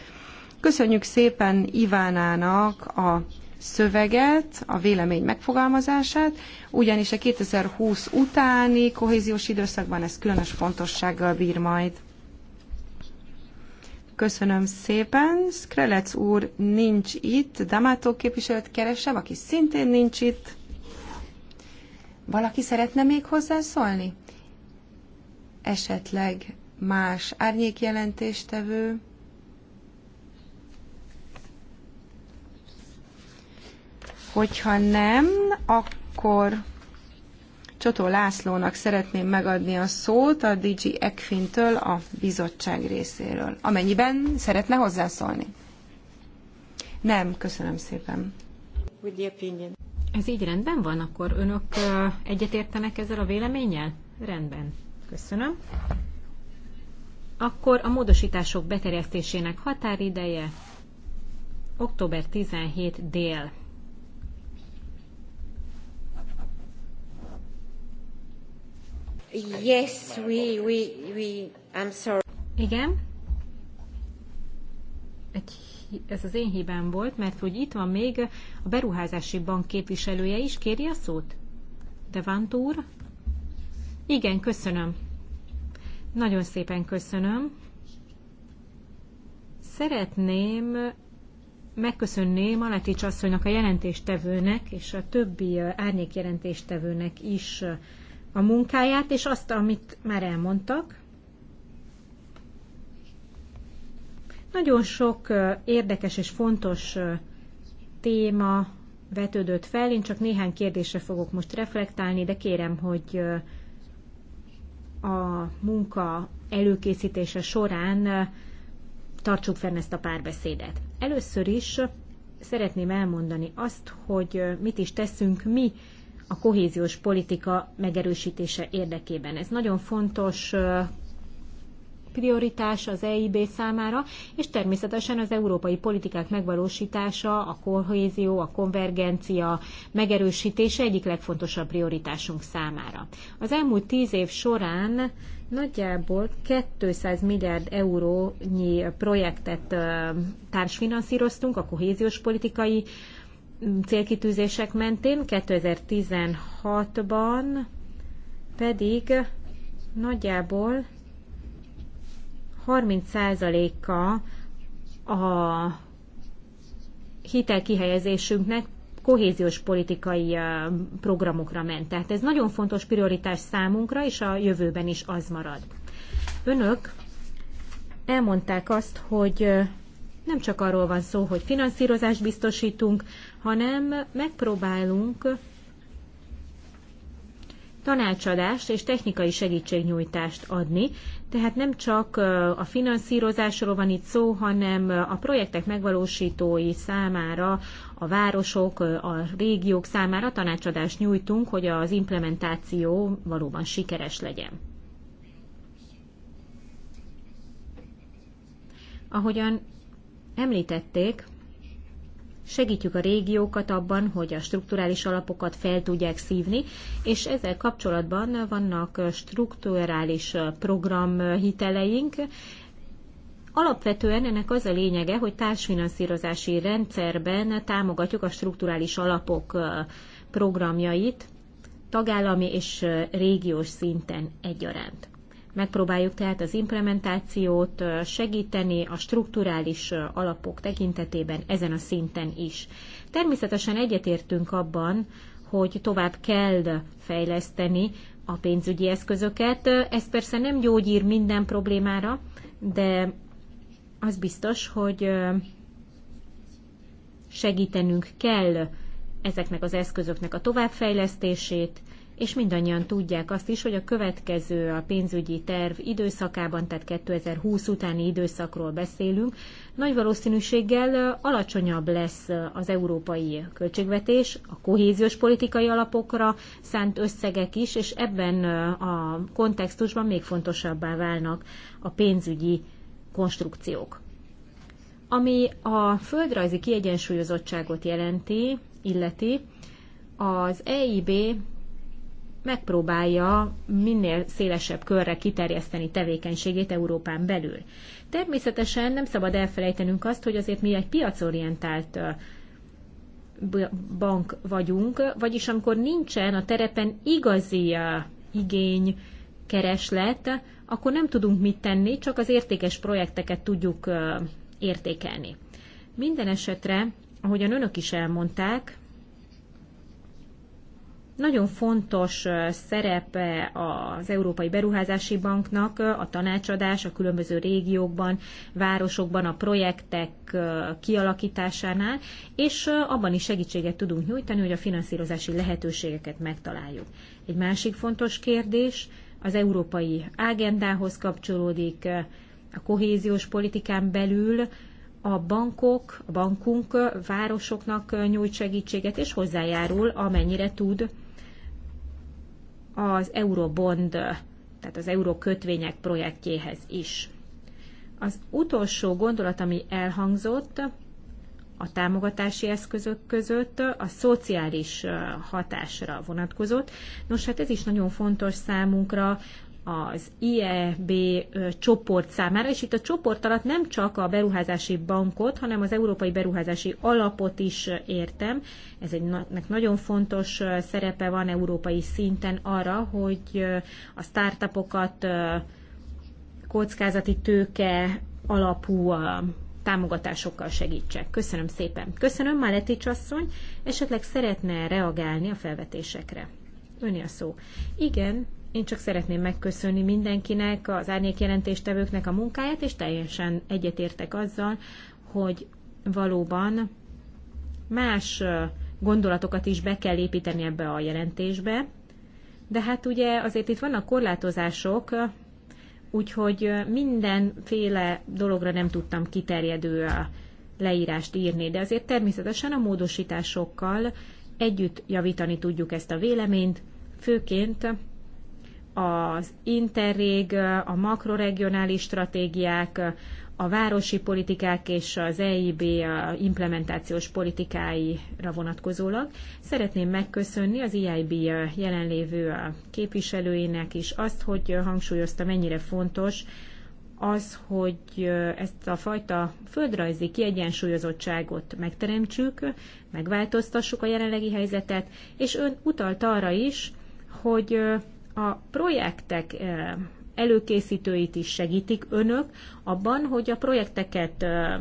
Köszönjük szépen Ivánának a szöveget, a vélemény megfogalmazását, ugyanis a 2020 utáni kohéziós időszakban ez különös fontossággal bír majd. Köszönöm szépen. Skrelec úr nincs itt. Damátó képviselőt keresem, aki szintén nincs itt. Valaki szeretne még hozzászólni? Esetleg más árnyékjelentéstevő? Hogyha nem, akkor Csotó Lászlónak szeretném megadni a szót a DG Ekfintől a bizottság részéről, amennyiben szeretne hozzászólni. Nem, köszönöm szépen. Ez így rendben van, akkor önök egyetértenek ezzel a véleménnyel? Rendben, köszönöm. Akkor a módosítások beterjesztésének határideje október 17 dél. Yes, we, we, we, I'm sorry. Igen. Egy, ez az én hibám volt, mert hogy itt van még a beruházási bank képviselője is. Kéri a szót? Devant úr? Igen, köszönöm. Nagyon szépen köszönöm. Szeretném megköszönni Maletics asszonynak a jelentéstevőnek és a többi árnyékjelentéstevőnek is a munkáját, és azt, amit már elmondtak. Nagyon sok érdekes és fontos téma vetődött fel, én csak néhány kérdésre fogok most reflektálni, de kérem, hogy a munka előkészítése során tartsuk fenn ezt a párbeszédet. Először is szeretném elmondani azt, hogy mit is teszünk mi a kohéziós politika megerősítése érdekében. Ez nagyon fontos prioritás az EIB számára, és természetesen az európai politikák megvalósítása, a kohézió, a konvergencia megerősítése egyik legfontosabb prioritásunk számára. Az elmúlt tíz év során nagyjából 200 milliárd eurónyi projektet társfinanszíroztunk a kohéziós politikai célkitűzések mentén, 2016-ban pedig nagyjából 30%-a a hitelkihelyezésünknek kohéziós politikai programokra ment. Tehát ez nagyon fontos prioritás számunkra, és a jövőben is az marad. Önök elmondták azt, hogy nem csak arról van szó, hogy finanszírozást biztosítunk, hanem megpróbálunk tanácsadást és technikai segítségnyújtást adni. Tehát nem csak a finanszírozásról van itt szó, hanem a projektek megvalósítói számára, a városok, a régiók számára tanácsadást nyújtunk, hogy az implementáció valóban sikeres legyen. Ahogyan Említették, segítjük a régiókat abban, hogy a strukturális alapokat fel tudják szívni, és ezzel kapcsolatban vannak strukturális programhiteleink. Alapvetően ennek az a lényege, hogy társfinanszírozási rendszerben támogatjuk a strukturális alapok programjait tagállami és régiós szinten egyaránt. Megpróbáljuk tehát az implementációt segíteni a strukturális alapok tekintetében ezen a szinten is. Természetesen egyetértünk abban, hogy tovább kell fejleszteni a pénzügyi eszközöket. Ez persze nem gyógyír minden problémára, de az biztos, hogy segítenünk kell ezeknek az eszközöknek a továbbfejlesztését, és mindannyian tudják azt is, hogy a következő a pénzügyi terv időszakában, tehát 2020 utáni időszakról beszélünk, nagy valószínűséggel alacsonyabb lesz az európai költségvetés, a kohéziós politikai alapokra szánt összegek is, és ebben a kontextusban még fontosabbá válnak a pénzügyi konstrukciók. Ami a földrajzi kiegyensúlyozottságot jelenti, illeti, az EIB megpróbálja minél szélesebb körre kiterjeszteni tevékenységét Európán belül. Természetesen nem szabad elfelejtenünk azt, hogy azért mi egy piacorientált bank vagyunk, vagyis amikor nincsen a terepen igazi igény, kereslet, akkor nem tudunk mit tenni, csak az értékes projekteket tudjuk értékelni. Minden esetre, ahogyan önök is elmondták, nagyon fontos szerepe az Európai Beruházási Banknak a tanácsadás a különböző régiókban, városokban, a projektek kialakításánál, és abban is segítséget tudunk nyújtani, hogy a finanszírozási lehetőségeket megtaláljuk. Egy másik fontos kérdés az európai ágendához kapcsolódik, a kohéziós politikán belül a bankok, a bankunk városoknak nyújt segítséget, és hozzájárul, amennyire tud az Eurobond, tehát az eurókötvények projektjéhez is. Az utolsó gondolat, ami elhangzott, a támogatási eszközök között a szociális hatásra vonatkozott. Nos, hát ez is nagyon fontos számunkra az IEB csoport számára, és itt a csoport alatt nem csak a beruházási bankot, hanem az Európai Beruházási Alapot is értem. Ez egy nagyon fontos szerepe van európai szinten arra, hogy a startupokat kockázati tőke alapú támogatásokkal segítsek. Köszönöm szépen. Köszönöm, Máleti asszony. Esetleg szeretne reagálni a felvetésekre. Öni a szó. Igen, én csak szeretném megköszönni mindenkinek, az árnyékjelentéstevőknek a munkáját, és teljesen egyetértek azzal, hogy valóban más gondolatokat is be kell építeni ebbe a jelentésbe. De hát ugye azért itt vannak korlátozások, úgyhogy mindenféle dologra nem tudtam kiterjedő a leírást írni, de azért természetesen a módosításokkal együtt javítani tudjuk ezt a véleményt, főként az interrég, a makroregionális stratégiák, a városi politikák és az EIB implementációs politikáira vonatkozólag. Szeretném megköszönni az EIB jelenlévő képviselőinek is azt, hogy hangsúlyozta, mennyire fontos az, hogy ezt a fajta földrajzi kiegyensúlyozottságot megteremtsük, megváltoztassuk a jelenlegi helyzetet, és ön utalt arra is, hogy a projektek eh, előkészítőit is segítik önök abban, hogy a projekteket eh,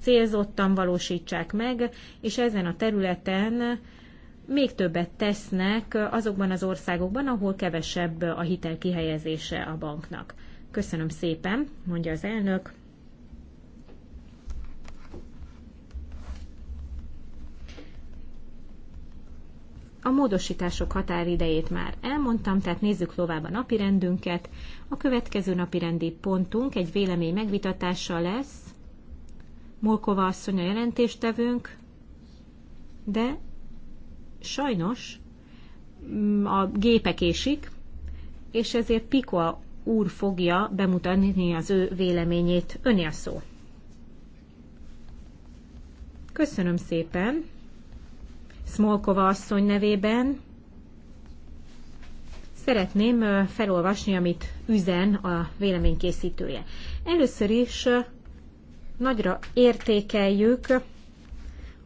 célzottan valósítsák meg, és ezen a területen még többet tesznek azokban az országokban, ahol kevesebb a hitel kihelyezése a banknak. Köszönöm szépen, mondja az elnök. A módosítások határidejét már elmondtam, tehát nézzük tovább a napirendünket. A következő napirendi pontunk egy vélemény megvitatása lesz. Molkova asszony a jelentéstevőnk, de sajnos mm, a gépek ésik, és ezért Pikoa úr fogja bemutatni az ő véleményét. Öni a szó. Köszönöm szépen! Smolkova asszony nevében. Szeretném felolvasni, amit üzen a véleménykészítője. Először is nagyra értékeljük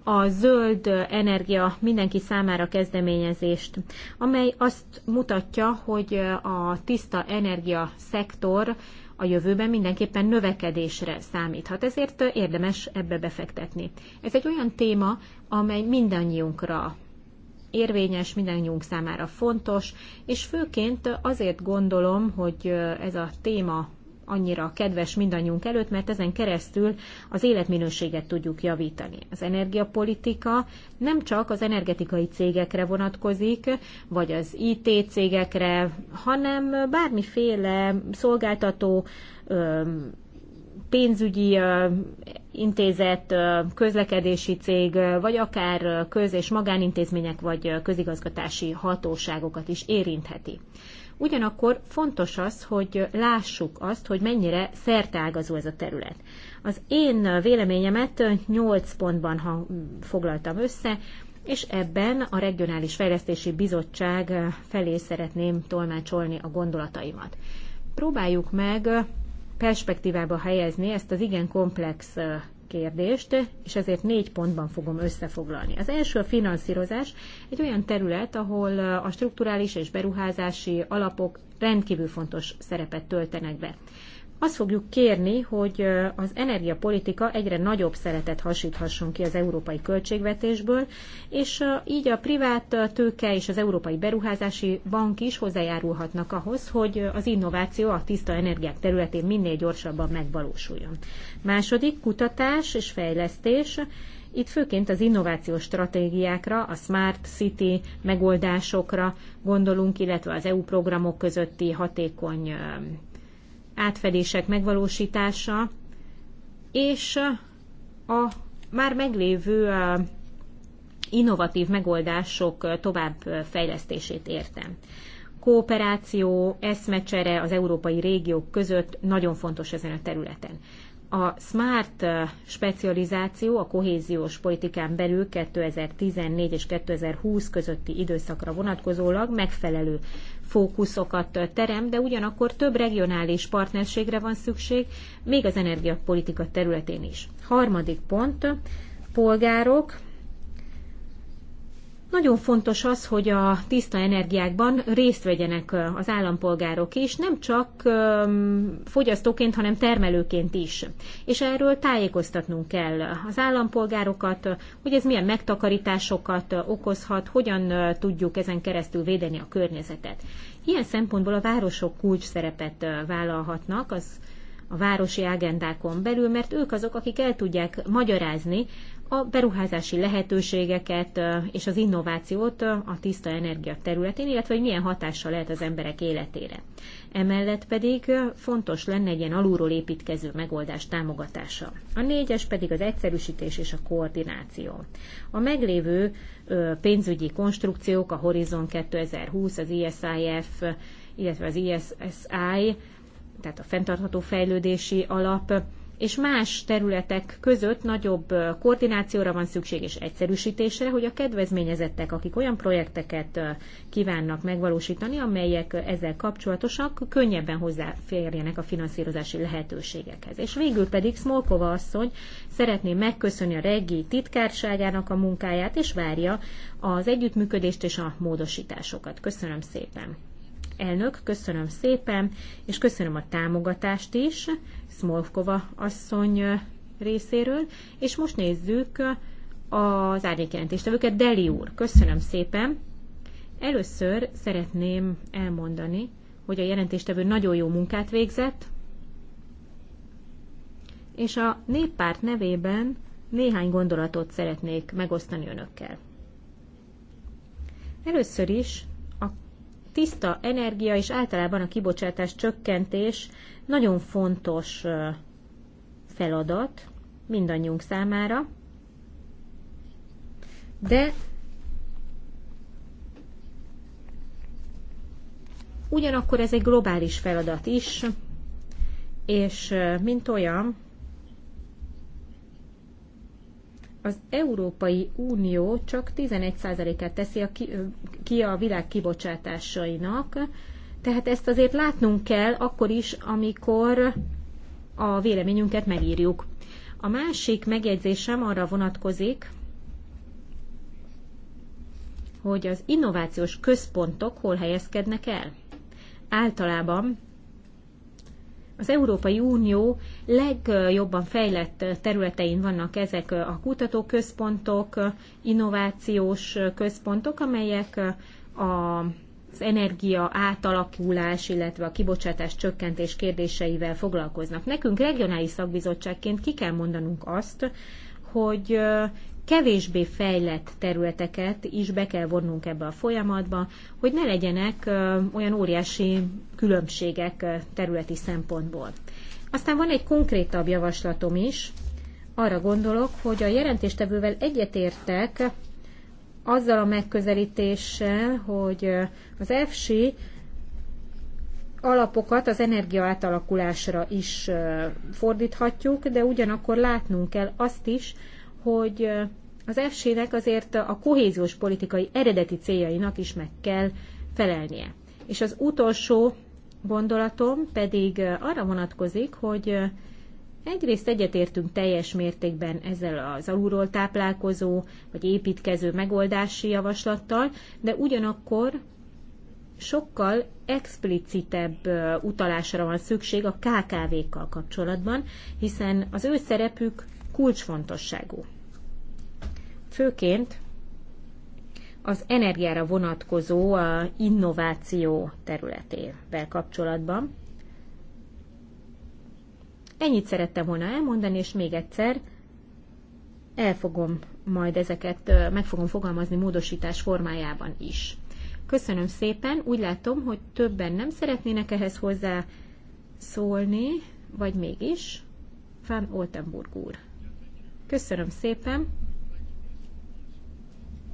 a zöld energia mindenki számára kezdeményezést, amely azt mutatja, hogy a tiszta energia szektor a jövőben mindenképpen növekedésre számíthat, ezért érdemes ebbe befektetni. Ez egy olyan téma, amely mindannyiunkra érvényes, mindannyiunk számára fontos, és főként azért gondolom, hogy ez a téma annyira kedves mindannyiunk előtt, mert ezen keresztül az életminőséget tudjuk javítani. Az energiapolitika nem csak az energetikai cégekre vonatkozik, vagy az IT cégekre, hanem bármiféle szolgáltató, pénzügyi intézet, közlekedési cég, vagy akár köz- és magánintézmények, vagy közigazgatási hatóságokat is érintheti. Ugyanakkor fontos az, hogy lássuk azt, hogy mennyire szertágazó ez a terület. Az én véleményemet 8 pontban foglaltam össze, és ebben a Regionális Fejlesztési Bizottság felé szeretném tolmácsolni a gondolataimat. Próbáljuk meg perspektívába helyezni ezt az igen komplex kérdést, és ezért négy pontban fogom összefoglalni. Az első a finanszírozás, egy olyan terület, ahol a strukturális és beruházási alapok rendkívül fontos szerepet töltenek be. Azt fogjuk kérni, hogy az energiapolitika egyre nagyobb szeretet hasíthasson ki az európai költségvetésből, és így a privát tőke és az Európai Beruházási Bank is hozzájárulhatnak ahhoz, hogy az innováció a tiszta energiák területén minél gyorsabban megvalósuljon. Második, kutatás és fejlesztés. Itt főként az innovációs stratégiákra, a Smart City megoldásokra gondolunk, illetve az EU programok közötti hatékony átfedések megvalósítása, és a már meglévő innovatív megoldások továbbfejlesztését értem. Kooperáció, eszmecsere az európai régiók között nagyon fontos ezen a területen. A smart specializáció a kohéziós politikán belül 2014 és 2020 közötti időszakra vonatkozólag megfelelő fókuszokat terem, de ugyanakkor több regionális partnerségre van szükség, még az energiapolitika területén is. Harmadik pont, polgárok, nagyon fontos az, hogy a tiszta energiákban részt vegyenek az állampolgárok is, nem csak fogyasztóként, hanem termelőként is. És erről tájékoztatnunk kell az állampolgárokat, hogy ez milyen megtakarításokat okozhat, hogyan tudjuk ezen keresztül védeni a környezetet. Ilyen szempontból a városok kulcs szerepet vállalhatnak, az a városi agendákon belül, mert ők azok, akik el tudják magyarázni a beruházási lehetőségeket és az innovációt a tiszta energia területén, illetve hogy milyen hatással lehet az emberek életére. Emellett pedig fontos lenne egy ilyen alulról építkező megoldás támogatása. A négyes pedig az egyszerűsítés és a koordináció. A meglévő pénzügyi konstrukciók, a Horizon 2020, az ISIF, illetve az ISSI, tehát a fenntartható fejlődési alap, és más területek között nagyobb koordinációra van szükség és egyszerűsítésre, hogy a kedvezményezettek, akik olyan projekteket kívánnak megvalósítani, amelyek ezzel kapcsolatosak, könnyebben hozzáférjenek a finanszírozási lehetőségekhez. És végül pedig Smolkova asszony szeretné megköszönni a regi titkárságának a munkáját, és várja az együttműködést és a módosításokat. Köszönöm szépen! Elnök, köszönöm szépen, és köszönöm a támogatást is Smolkova asszony részéről, és most nézzük az árnyékjelentéstevőket. Deli úr, köszönöm szépen. Először szeretném elmondani, hogy a jelentéstevő nagyon jó munkát végzett, és a néppárt nevében néhány gondolatot szeretnék megosztani önökkel. Először is tiszta energia és általában a kibocsátás csökkentés nagyon fontos feladat mindannyiunk számára, de ugyanakkor ez egy globális feladat is, és mint olyan, az Európai Unió csak 11%-át teszi a ki, ki a világ kibocsátásainak, tehát ezt azért látnunk kell akkor is, amikor a véleményünket megírjuk. A másik megjegyzésem arra vonatkozik, hogy az innovációs központok hol helyezkednek el. Általában az Európai Unió legjobban fejlett területein vannak ezek a kutatóközpontok, innovációs központok, amelyek az energia átalakulás, illetve a kibocsátás csökkentés kérdéseivel foglalkoznak. Nekünk regionális szakbizottságként ki kell mondanunk azt, hogy kevésbé fejlett területeket is be kell vonnunk ebbe a folyamatba, hogy ne legyenek olyan óriási különbségek területi szempontból. Aztán van egy konkrétabb javaslatom is. Arra gondolok, hogy a jelentéstevővel egyetértek azzal a megközelítéssel, hogy az EFSI alapokat az energia átalakulásra is fordíthatjuk, de ugyanakkor látnunk kell azt is, hogy az fc nek azért a kohéziós politikai eredeti céljainak is meg kell felelnie. És az utolsó gondolatom pedig arra vonatkozik, hogy egyrészt egyetértünk teljes mértékben ezzel az alulról táplálkozó vagy építkező megoldási javaslattal, de ugyanakkor sokkal explicitebb utalásra van szükség a KKV-kkal kapcsolatban, hiszen az ő szerepük kulcsfontosságú. Főként az energiára vonatkozó innováció területével kapcsolatban. Ennyit szerettem volna elmondani, és még egyszer el fogom majd ezeket, meg fogom fogalmazni módosítás formájában is. Köszönöm szépen, úgy látom, hogy többen nem szeretnének ehhez hozzá szólni, vagy mégis. Van Oltenburg úr. Köszönöm szépen.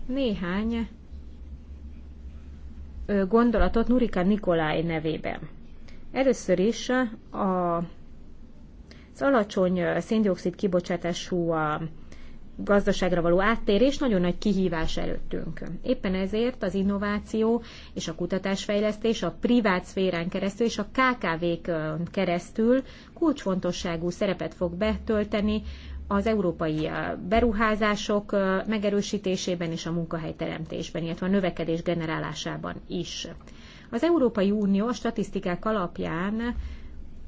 Néhány gondolatot Nurika Nikolai nevében. Először is a, az alacsony széndiokszid kibocsátású a gazdaságra való áttérés nagyon nagy kihívás előttünk. Éppen ezért az innováció és a kutatásfejlesztés a privát szférán keresztül és a KKV-k keresztül kulcsfontosságú szerepet fog betölteni az európai eh, beruházások eh, megerősítésében és a munkahelyteremtésben, illetve a növekedés generálásában is. Az Európai Unió a statisztikák alapján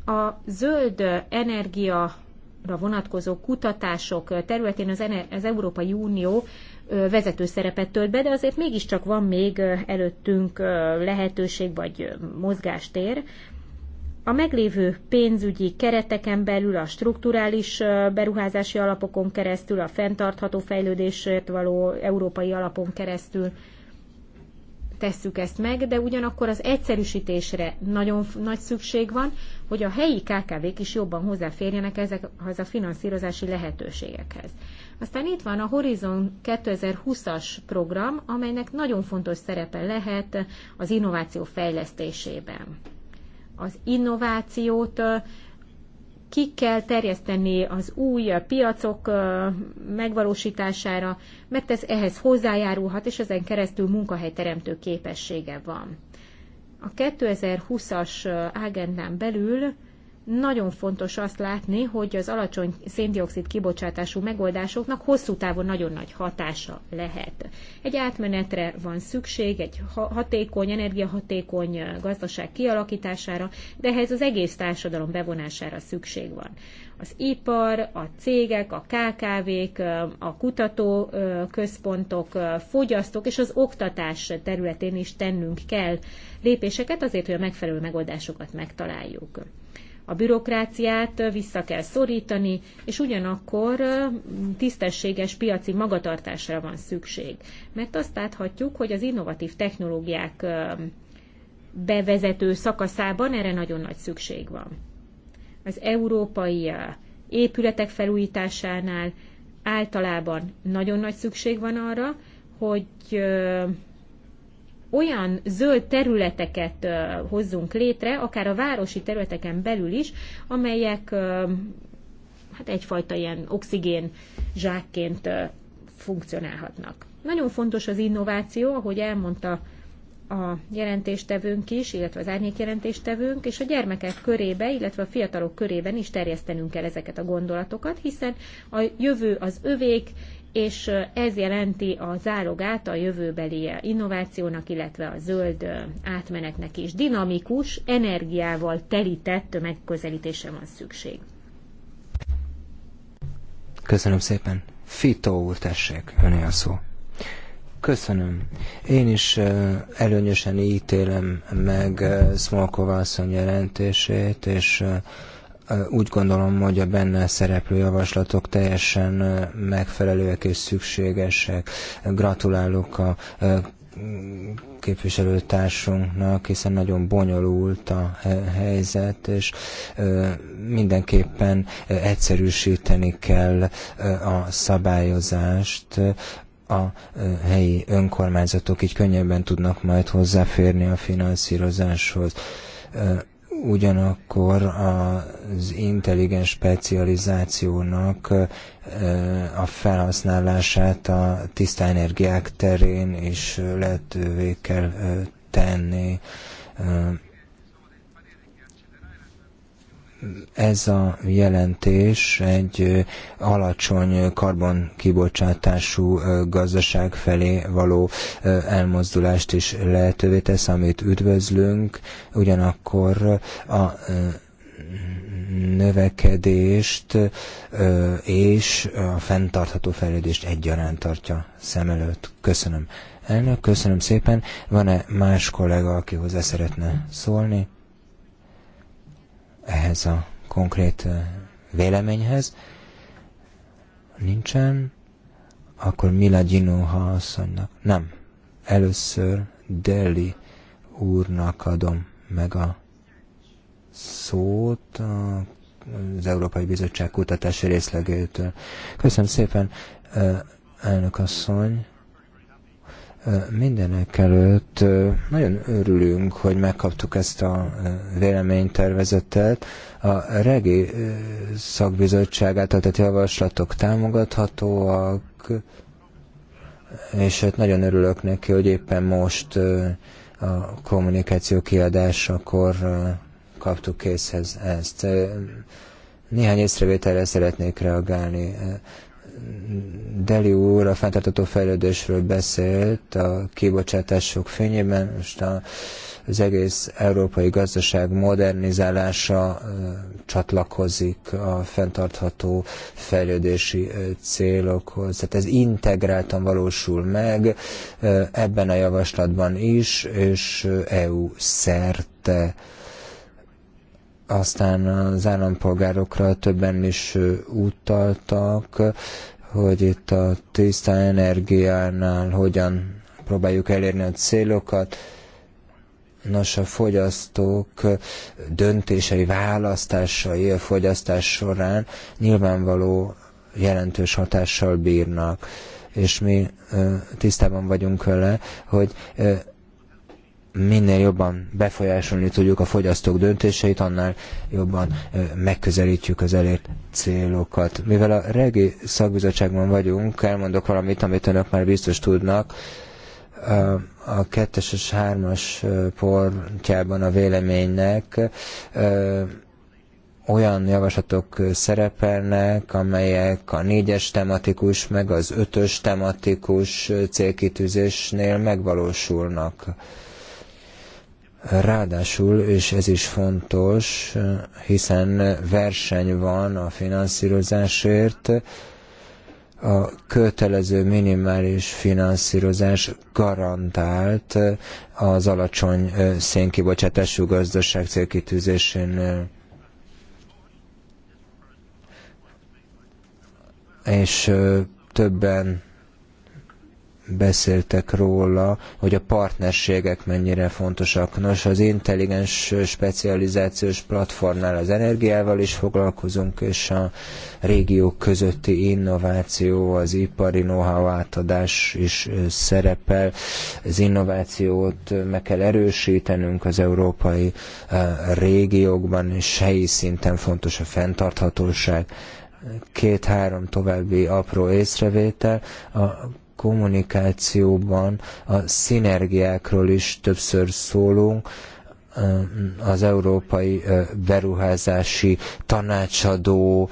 a zöld energia vonatkozó kutatások területén az, az Európai Unió eh, vezető szerepet tölt be, de azért mégiscsak van még előttünk lehetőség vagy mozgástér, a meglévő pénzügyi kereteken belül, a strukturális beruházási alapokon keresztül, a fenntartható fejlődésért való európai alapon keresztül tesszük ezt meg, de ugyanakkor az egyszerűsítésre nagyon nagy szükség van, hogy a helyi KKV-k is jobban hozzáférjenek ezekhez a finanszírozási lehetőségekhez. Aztán itt van a Horizon 2020-as program, amelynek nagyon fontos szerepe lehet az innováció fejlesztésében az innovációt ki kell terjeszteni az új piacok megvalósítására, mert ez ehhez hozzájárulhat, és ezen keresztül munkahelyteremtő képessége van. A 2020-as ágendán belül nagyon fontos azt látni, hogy az alacsony széndiokszid kibocsátású megoldásoknak hosszú távon nagyon nagy hatása lehet. Egy átmenetre van szükség, egy hatékony, energiahatékony gazdaság kialakítására, de ehhez az egész társadalom bevonására szükség van. Az ipar, a cégek, a KKV-k, a kutatóközpontok, fogyasztók és az oktatás területén is tennünk kell lépéseket azért, hogy a megfelelő megoldásokat megtaláljuk a bürokráciát vissza kell szorítani, és ugyanakkor tisztességes piaci magatartásra van szükség. Mert azt láthatjuk, hogy az innovatív technológiák bevezető szakaszában erre nagyon nagy szükség van. Az európai épületek felújításánál általában nagyon nagy szükség van arra, hogy olyan zöld területeket hozzunk létre, akár a városi területeken belül is, amelyek hát egyfajta ilyen oxigén zsákként funkcionálhatnak. Nagyon fontos az innováció, ahogy elmondta a jelentéstevőnk is, illetve az árnyék jelentéstevőnk, és a gyermekek körébe, illetve a fiatalok körében is terjesztenünk kell ezeket a gondolatokat, hiszen a jövő az övék, és ez jelenti a zárogát a jövőbeli innovációnak, illetve a zöld átmenetnek is. Dinamikus, energiával telített megközelítésre van szükség. Köszönöm szépen. Fito úr, tessék, öné a szó. Köszönöm. Én is előnyösen ítélem meg Smolkova asszony jelentését, és úgy gondolom, hogy a benne szereplő javaslatok teljesen megfelelőek és szükségesek. Gratulálok a képviselőtársunknak, hiszen nagyon bonyolult a helyzet, és mindenképpen egyszerűsíteni kell a szabályozást, a helyi önkormányzatok így könnyebben tudnak majd hozzáférni a finanszírozáshoz ugyanakkor az intelligens specializációnak a felhasználását a tiszta energiák terén is lehetővé kell tenni Ez a jelentés egy alacsony karbonkibocsátású gazdaság felé való elmozdulást is lehetővé tesz, amit üdvözlünk, ugyanakkor a növekedést és a fenntartható fejlődést egyaránt tartja szem előtt. Köszönöm. Elnök, köszönöm szépen. Van-e más kollega, aki hozzá szeretne szólni ehhez a konkrét véleményhez? Nincsen. Akkor Mila Ginoha asszonynak. Nem. Először Deli úrnak adom meg a szót az Európai Bizottság kutatási részlegétől. Köszönöm szépen, elnök asszony. Mindenek előtt nagyon örülünk, hogy megkaptuk ezt a véleménytervezetet. A regi szakbizottság által tett javaslatok támogathatóak, és hát nagyon örülök neki, hogy éppen most a kommunikáció kiadásakor kaptuk készhez ezt. Néhány észrevételre szeretnék reagálni. Deli úr a fenntartató fejlődésről beszélt a kibocsátások fényében, most a, az egész európai gazdaság modernizálása csatlakozik a fenntartható fejlődési célokhoz. Tehát ez integráltan valósul meg ebben a javaslatban is, és EU szerte aztán az állampolgárokra többen is utaltak, hogy itt a tiszta energiánál hogyan próbáljuk elérni a célokat. Nos, a fogyasztók döntései, választásai a fogyasztás során nyilvánvaló jelentős hatással bírnak, és mi tisztában vagyunk vele, hogy minél jobban befolyásolni tudjuk a fogyasztók döntéseit, annál jobban megközelítjük az elért célokat. Mivel a regi szakbizottságban vagyunk, elmondok valamit, amit önök már biztos tudnak, a kettes és hármas portjában a véleménynek olyan javaslatok szerepelnek, amelyek a négyes tematikus, meg az ötös tematikus célkitűzésnél megvalósulnak. Ráadásul, és ez is fontos, hiszen verseny van a finanszírozásért, a kötelező minimális finanszírozás garantált az alacsony szénkibocsátású gazdaság célkitűzésénél. És többen beszéltek róla, hogy a partnerségek mennyire fontosak. Nos, az intelligens specializációs platformnál az energiával is foglalkozunk, és a régiók közötti innováció, az ipari know-how átadás is szerepel. Az innovációt meg kell erősítenünk az európai eh, régiókban, és helyi szinten fontos a fenntarthatóság két-három további apró észrevétel. A kommunikációban a szinergiákról is többször szólunk, az Európai Beruházási Tanácsadó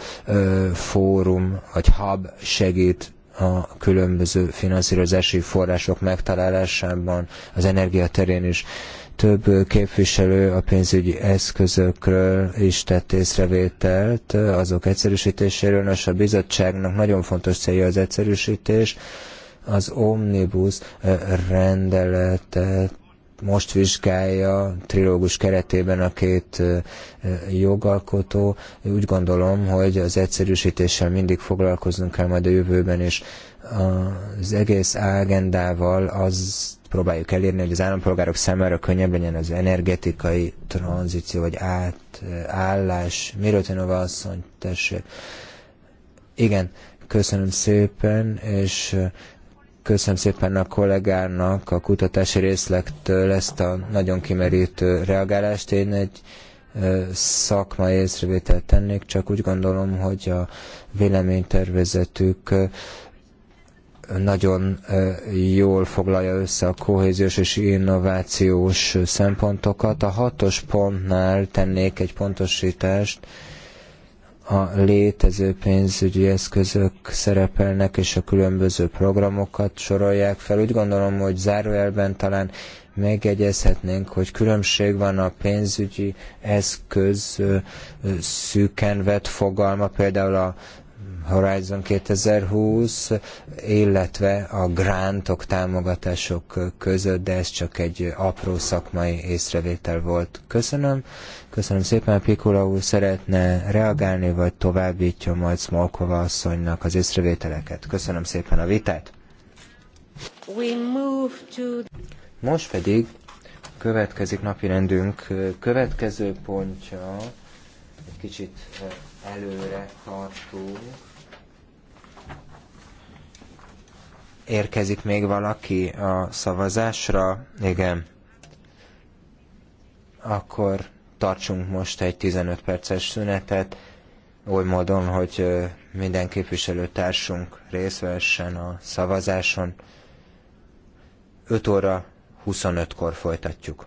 Fórum, vagy Hub segít a különböző finanszírozási források megtalálásában, az energia terén is. Több képviselő a pénzügyi eszközökről is tett észrevételt, azok egyszerűsítéséről. Nos, a bizottságnak nagyon fontos célja az egyszerűsítés, az omnibus eh, rendeletet most vizsgálja trilógus keretében a két eh, eh, jogalkotó. Úgy gondolom, hogy az egyszerűsítéssel mindig foglalkoznunk kell majd a jövőben, és az egész agendával az próbáljuk elérni, hogy az állampolgárok számára könnyebb legyen az energetikai tranzíció, vagy átállás. Mirotinova asszony, tessék. Igen, köszönöm szépen, és Köszönöm szépen a kollégának a kutatási részlektől ezt a nagyon kimerítő reagálást. Én egy szakmai észrevételt tennék, csak úgy gondolom, hogy a véleménytervezetük nagyon jól foglalja össze a kohéziós és innovációs szempontokat. A hatos pontnál tennék egy pontosítást, a létező pénzügyi eszközök szerepelnek, és a különböző programokat sorolják fel. Úgy gondolom, hogy zárójelben talán megegyezhetnénk, hogy különbség van a pénzügyi eszköz szűken vett fogalma, például a Horizon 2020, illetve a grantok, támogatások között, de ez csak egy apró szakmai észrevétel volt. Köszönöm, köszönöm szépen, Pikula úr szeretne reagálni, vagy továbbítja majd Smolkova asszonynak az észrevételeket. Köszönöm szépen a vitát. Most pedig következik napirendünk következő pontja, egy kicsit előre tartunk. Érkezik még valaki a szavazásra? Igen. Akkor tartsunk most egy 15 perces szünetet, oly módon, hogy minden képviselőtársunk részt vehessen a szavazáson. 5 óra 25-kor folytatjuk.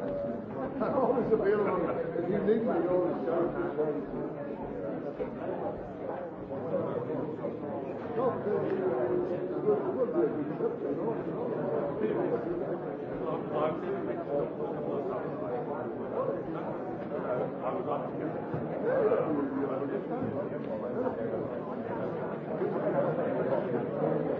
always available. If you need me, you always show me. Thank you.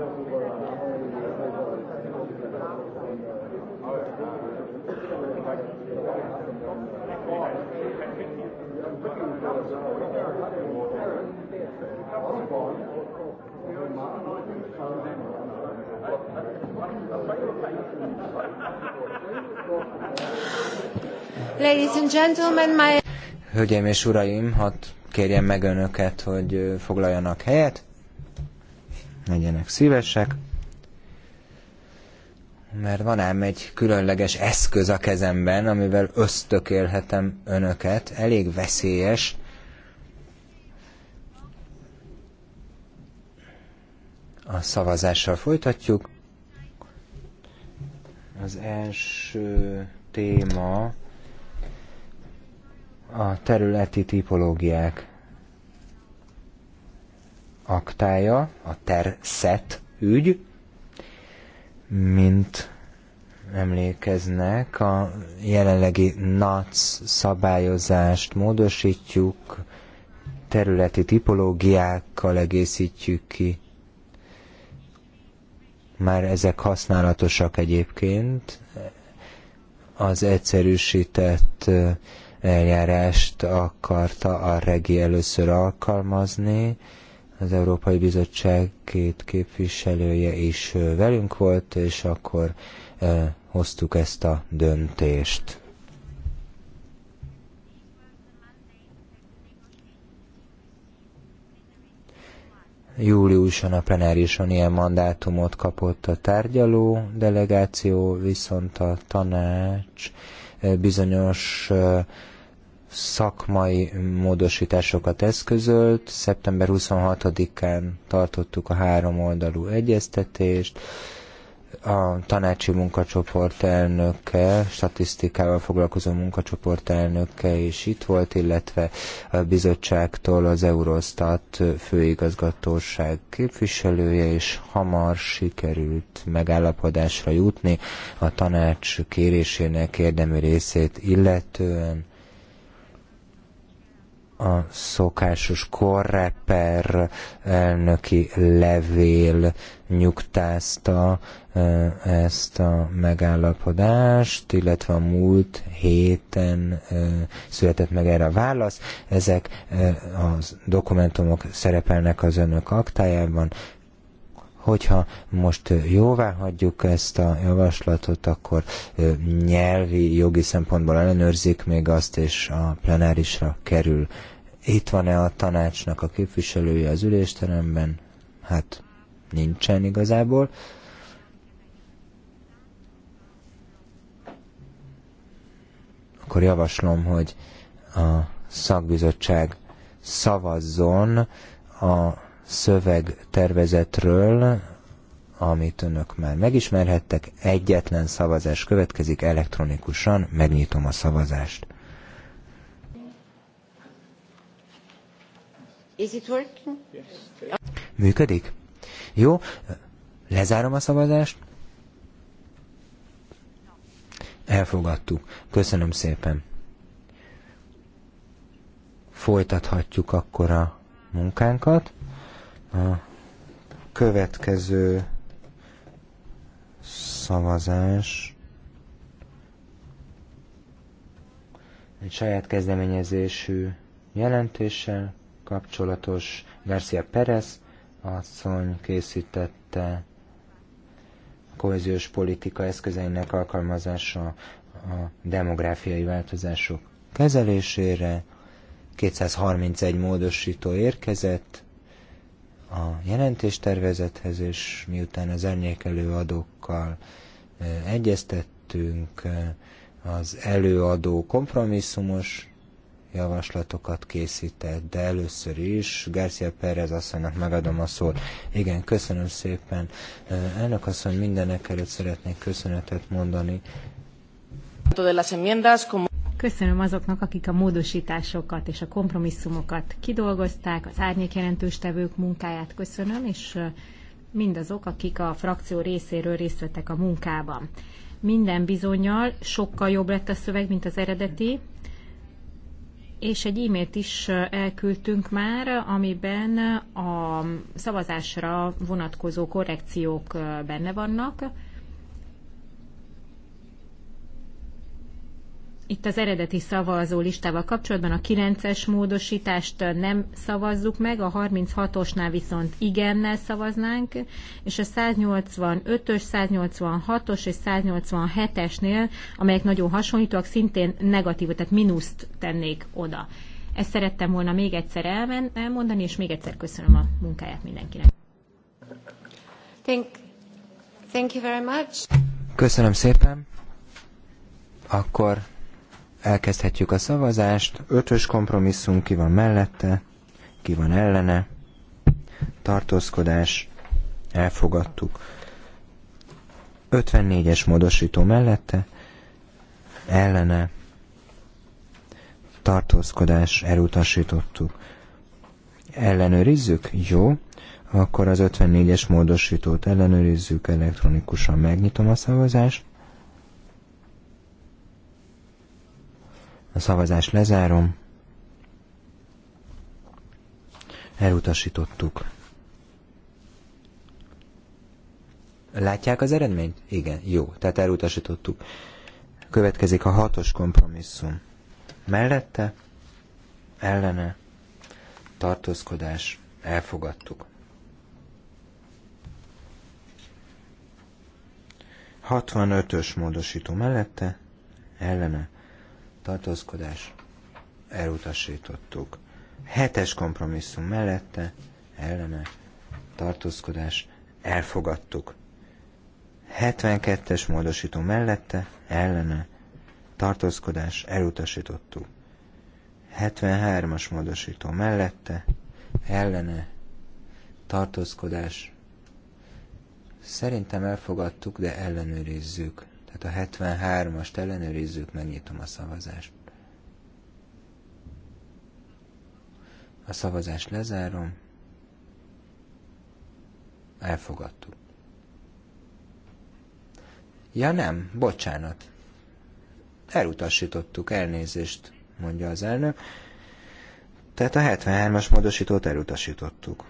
Ladies and gentlemen, my... Hölgyeim és uraim, hadd kérjem meg önöket, hogy foglaljanak helyet legyenek szívesek, mert van ám egy különleges eszköz a kezemben, amivel ösztökélhetem önöket, elég veszélyes, a szavazással folytatjuk. Az első téma a területi tipológiák aktája, a Terszet ügy, mint emlékeznek, a jelenlegi NAC szabályozást módosítjuk, területi tipológiákkal egészítjük ki. Már ezek használatosak egyébként. Az egyszerűsített eljárást akarta a regi először alkalmazni, az Európai Bizottság két képviselője is velünk volt, és akkor hoztuk ezt a döntést. Júliuson a plenárison ilyen mandátumot kapott a tárgyaló delegáció, viszont a tanács bizonyos szakmai módosításokat eszközölt. Szeptember 26-án tartottuk a három oldalú egyeztetést. A tanácsi munkacsoport elnöke, statisztikával foglalkozó munkacsoport elnöke is itt volt, illetve a bizottságtól az Eurostat főigazgatóság képviselője, és hamar sikerült megállapodásra jutni a tanács kérésének érdemi részét illetően a szokásos korreper elnöki levél nyugtázta ezt a megállapodást, illetve a múlt héten született meg erre a válasz. Ezek a dokumentumok szerepelnek az önök aktájában, Hogyha most jóvá hagyjuk ezt a javaslatot, akkor nyelvi, jogi szempontból ellenőrzik még azt, és a plenárisra kerül. Itt van-e a tanácsnak a képviselője az ülésteremben? Hát nincsen igazából. Akkor javaslom, hogy a szakbizottság szavazzon a szövegtervezetről, amit önök már megismerhettek, egyetlen szavazás következik elektronikusan, megnyitom a szavazást. Is it working? Yes. Működik? Jó, lezárom a szavazást. Elfogadtuk. Köszönöm szépen. Folytathatjuk akkor a munkánkat. A következő szavazás egy saját kezdeményezésű jelentéssel kapcsolatos Garcia Perez asszony készítette kohéziós politika eszközeinek alkalmazása a demográfiai változások kezelésére. 231 módosító érkezett, a jelentéstervezethez, és miután az elnyékelő adókkal e, egyeztettünk, e, az előadó kompromisszumos javaslatokat készített, de először is Garcia Perez asszonynak megadom a szót. Igen, köszönöm szépen. E, elnök asszony, mindenek előtt szeretnék köszönetet mondani. de las enmiendas, como Köszönöm azoknak, akik a módosításokat és a kompromisszumokat kidolgozták, az tevők munkáját köszönöm, és mindazok, akik a frakció részéről részt vettek a munkában. Minden bizonyal sokkal jobb lett a szöveg, mint az eredeti, és egy e-mailt is elküldtünk már, amiben a szavazásra vonatkozó korrekciók benne vannak itt az eredeti szavazó listával kapcsolatban a 9-es módosítást nem szavazzuk meg, a 36-osnál viszont igennel szavaznánk, és a 185-ös, 186-os és 187-esnél, amelyek nagyon hasonlítóak, szintén negatív, tehát mínuszt tennék oda. Ezt szerettem volna még egyszer elmen, elmondani, és még egyszer köszönöm a munkáját mindenkinek. Thank, thank you very much. Köszönöm szépen. Akkor Elkezdhetjük a szavazást. Ötös kompromisszum ki van mellette, ki van ellene. Tartózkodás. Elfogadtuk. 54-es módosító mellette, ellene. Tartózkodás. Elutasítottuk. Ellenőrizzük? Jó. Akkor az 54-es módosítót ellenőrizzük elektronikusan. Megnyitom a szavazást. A szavazást lezárom. Elutasítottuk. Látják az eredményt? Igen, jó. Tehát elutasítottuk. Következik a hatos kompromisszum. Mellette, ellene, tartózkodás, elfogadtuk. Hatvanötös módosító mellette, ellene, tartózkodás elutasítottuk. Hetes kompromisszum mellette, ellene, tartózkodás elfogadtuk. 72-es módosító mellette, ellene, tartózkodás elutasítottuk. 73-as módosító mellette, ellene, tartózkodás. Szerintem elfogadtuk, de ellenőrizzük. Hát a 73-ast ellenőrizzük, megnyitom a szavazást. A szavazást lezárom. Elfogadtuk. Ja nem, bocsánat. Elutasítottuk, elnézést, mondja az elnök. Tehát a 73-as módosítót elutasítottuk.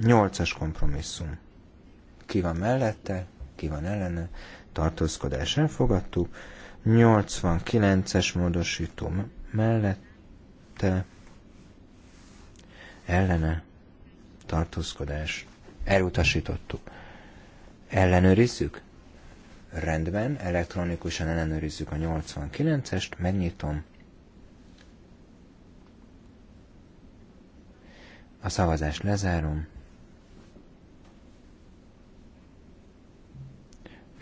8-as kompromisszum. Ki van mellette, ki van ellene, tartózkodás elfogadtuk, 89-es módosító mellette ellene tartózkodás elutasítottuk. Ellenőrizzük? Rendben, elektronikusan ellenőrizzük a 89-est, megnyitom. A szavazást lezárom.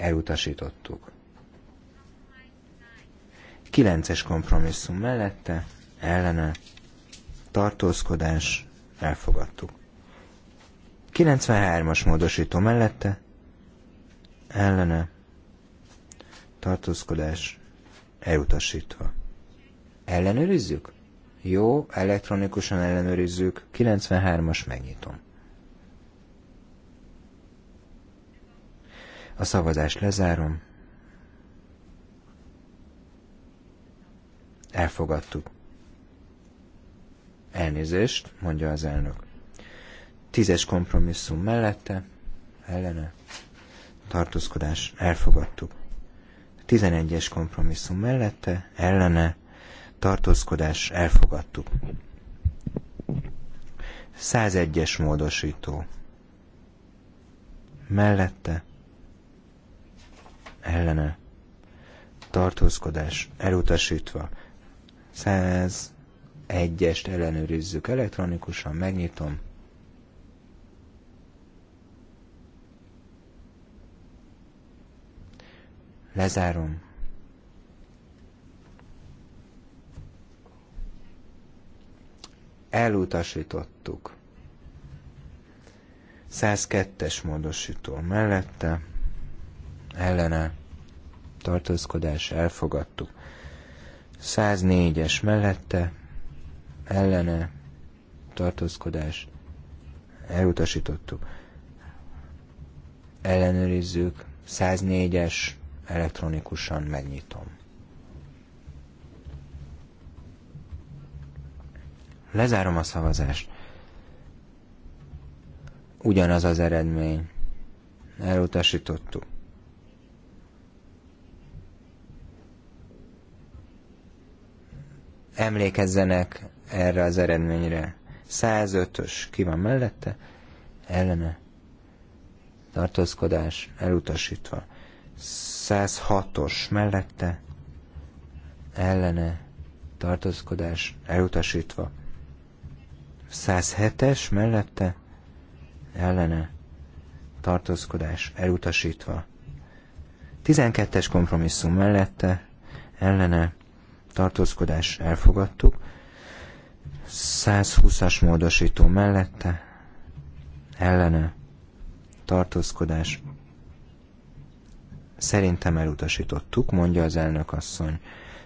elutasítottuk. Kilences kompromisszum mellette, ellene, tartózkodás, elfogadtuk. 93-as módosító mellette, ellene, tartózkodás, elutasítva. Ellenőrizzük? Jó, elektronikusan ellenőrizzük, 93-as megnyitom. A szavazást lezárom. Elfogadtuk. Elnézést, mondja az elnök. Tízes kompromisszum mellette, ellene, tartózkodás, elfogadtuk. Tizenegyes kompromisszum mellette, ellene, tartózkodás, elfogadtuk. 101-es módosító. Mellette, ellene tartózkodás elutasítva. 101-est ellenőrizzük elektronikusan, megnyitom. Lezárom. Elutasítottuk. 102-es módosító mellette ellene tartózkodás elfogadtuk. 104-es mellette ellene tartózkodás elutasítottuk. Ellenőrizzük 104-es elektronikusan megnyitom. Lezárom a szavazást. Ugyanaz az eredmény. Elutasítottuk. emlékezzenek erre az eredményre. 105-ös ki van mellette, ellene tartózkodás elutasítva. 106-os mellette ellene tartózkodás elutasítva. 107-es mellette ellene tartózkodás elutasítva. 12-es kompromisszum mellette ellene tartózkodás elfogadtuk. 120-as módosító mellette ellene tartózkodás szerintem elutasítottuk, mondja az elnök asszony.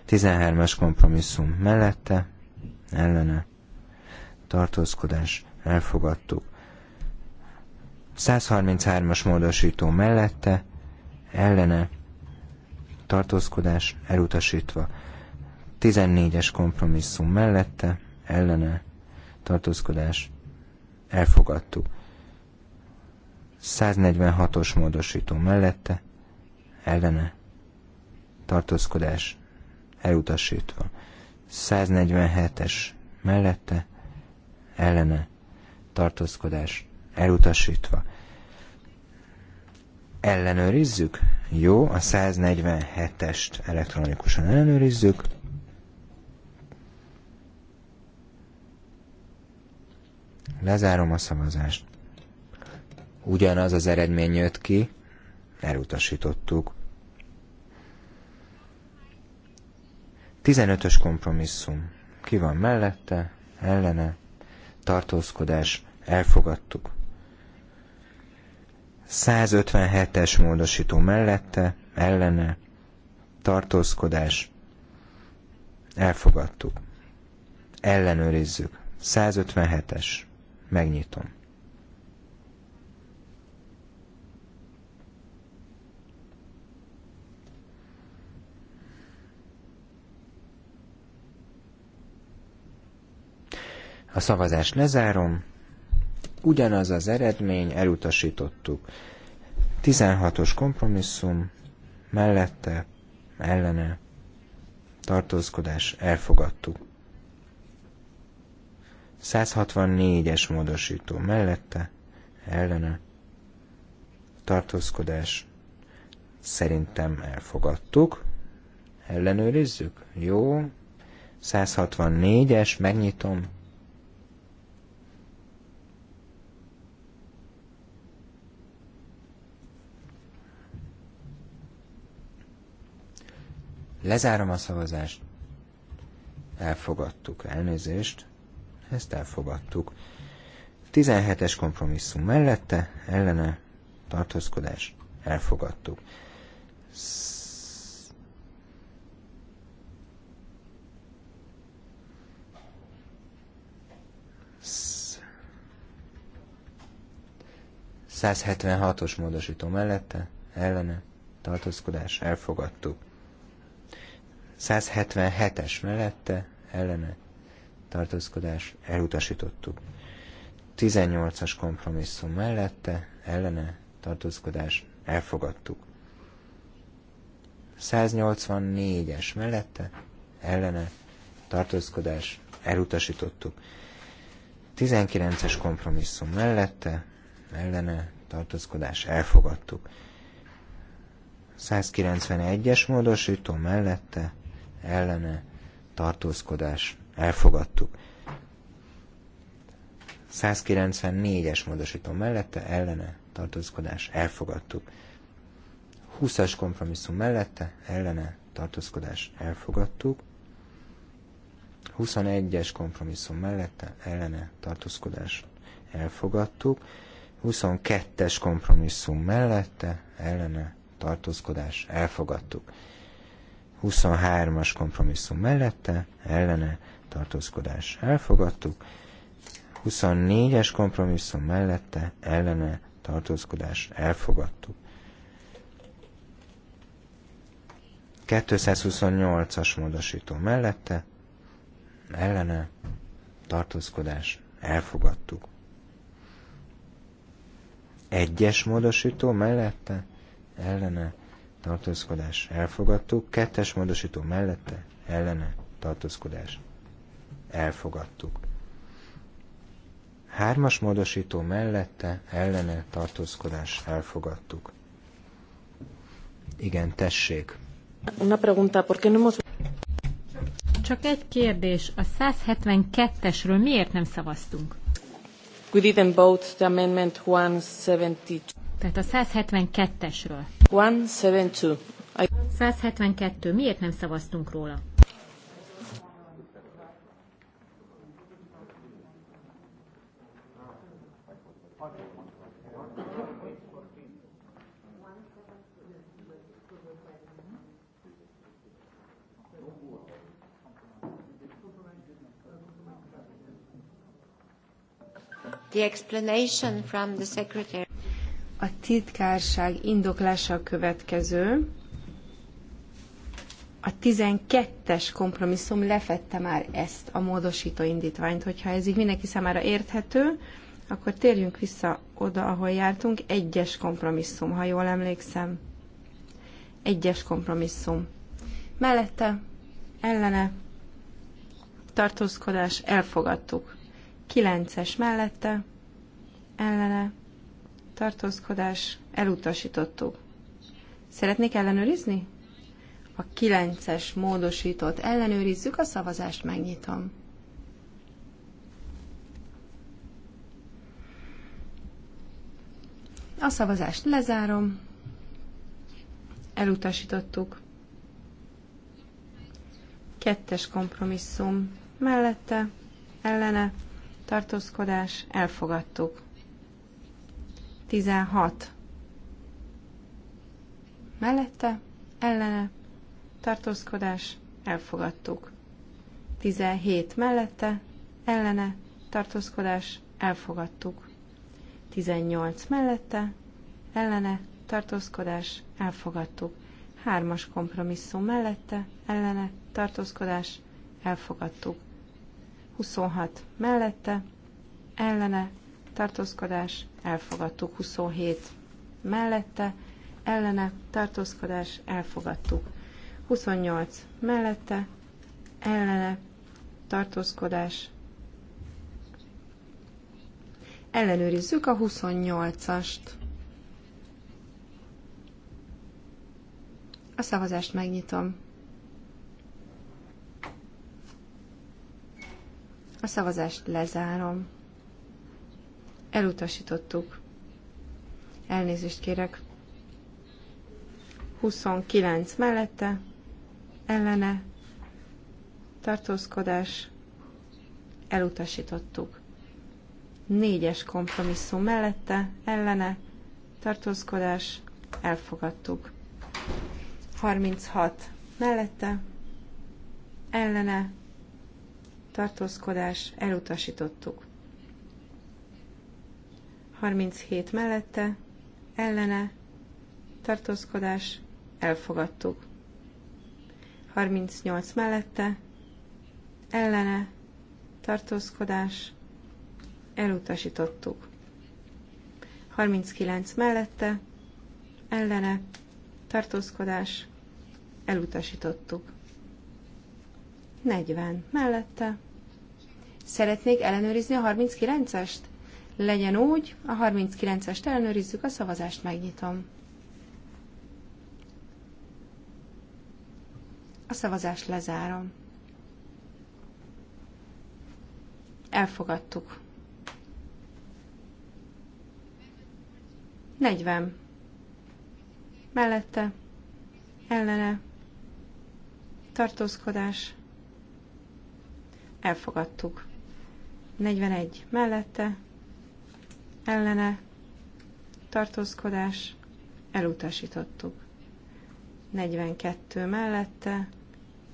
13-as kompromisszum mellette ellene tartózkodás elfogadtuk. 133-as módosító mellette ellene tartózkodás elutasítva. 14-es kompromisszum mellette, ellene, tartózkodás, elfogadtuk. 146-os módosító mellette, ellene, tartózkodás, elutasítva. 147-es mellette, ellene, tartózkodás, elutasítva. Ellenőrizzük? Jó, a 147-est elektronikusan ellenőrizzük. Lezárom a szavazást. Ugyanaz az eredmény jött ki, elutasítottuk. 15-ös kompromisszum. Ki van mellette, ellene, tartózkodás, elfogadtuk. 157-es módosító mellette, ellene, tartózkodás, elfogadtuk. Ellenőrizzük. 157-es. Megnyitom. A szavazást lezárom. Ugyanaz az eredmény, elutasítottuk. 16-os kompromisszum, mellette, ellene, tartózkodás, elfogadtuk. 164-es módosító mellette, ellene, tartózkodás, szerintem elfogadtuk, ellenőrizzük, jó, 164-es, megnyitom, Lezárom a szavazást. Elfogadtuk elnézést. Ezt elfogadtuk. 17-es kompromisszum mellette, ellene, tartózkodás, elfogadtuk. Sz... 176-os módosító mellette, ellene, tartózkodás, elfogadtuk. 177-es mellette, ellene, tartózkodás, elutasítottuk. 18-as kompromisszum mellette, ellene, tartózkodás, elfogadtuk. 184-es mellette, ellene, tartózkodás, elutasítottuk. 19-es kompromisszum mellette, ellene, tartózkodás, elfogadtuk. 191-es módosító mellette, ellene, tartózkodás, elfogadtuk. 194-es módosító mellette, ellene, tartózkodás, elfogadtuk. 20-as kompromisszum mellette, ellene, tartózkodás, elfogadtuk. 21-es kompromisszum mellette, ellene, tartózkodás, elfogadtuk. 22-es kompromisszum mellette, ellene, tartózkodás, elfogadtuk. 23-as kompromisszum mellette, ellene, tartózkodás elfogadtuk, 24-es kompromisszum mellette ellene tartózkodás elfogadtuk. 228-as módosító mellette ellene tartózkodás elfogadtuk. Egyes módosító mellette ellene tartózkodás elfogadtuk, kettes módosító mellette ellene tartózkodás elfogadtuk. Hármas módosító mellette ellene tartózkodás elfogadtuk. Igen, tessék. Una pregunta, ¿por qué no hemos... Csak egy kérdés, a 172-esről miért nem szavaztunk? We didn't vote the amendment 172. Tehát a 172-esről. 172. I... 172. Miért nem szavaztunk róla? The explanation from the secretary. A titkárság indoklása a következő. A 12-es kompromisszum lefette már ezt a módosító indítványt, hogyha ez így mindenki számára érthető, akkor térjünk vissza oda, ahol jártunk, egyes kompromisszum, ha jól emlékszem. Egyes kompromisszum. Mellette, ellene, tartózkodás, elfogadtuk kilences mellette, ellene, tartózkodás, elutasítottuk. Szeretnék ellenőrizni? A kilences módosított ellenőrizzük, a szavazást megnyitom. A szavazást lezárom. Elutasítottuk. Kettes kompromisszum mellette, ellene, tartózkodás, elfogadtuk. 16. Mellette, ellene, tartózkodás, elfogadtuk. 17. Mellette, ellene, tartózkodás, elfogadtuk. 18. Mellette, ellene, tartózkodás, elfogadtuk. Hármas kompromisszum mellette, ellene, tartózkodás, elfogadtuk. 26 mellette, ellene, tartózkodás, elfogadtuk. 27 mellette, ellene, tartózkodás, elfogadtuk. 28 mellette, ellene, tartózkodás, ellenőrizzük a 28-ast. A szavazást megnyitom. A szavazást lezárom. Elutasítottuk. Elnézést kérek. 29 mellette, ellene, tartózkodás, elutasítottuk. Négyes kompromisszum mellette, ellene, tartózkodás, elfogadtuk. 36 mellette, ellene, tartózkodás, elutasítottuk. 37 mellette, ellene, tartózkodás, elfogadtuk. 38 mellette, ellene, tartózkodás, elutasítottuk. 39 mellette, ellene, tartózkodás, elutasítottuk. 40 mellette. Szeretnék ellenőrizni a 39-est? Legyen úgy, a 39-est ellenőrizzük, a szavazást megnyitom. A szavazást lezárom. Elfogadtuk. 40. Mellette. Ellene. Tartózkodás elfogadtuk. 41 mellette, ellene, tartózkodás, elutasítottuk. 42 mellette,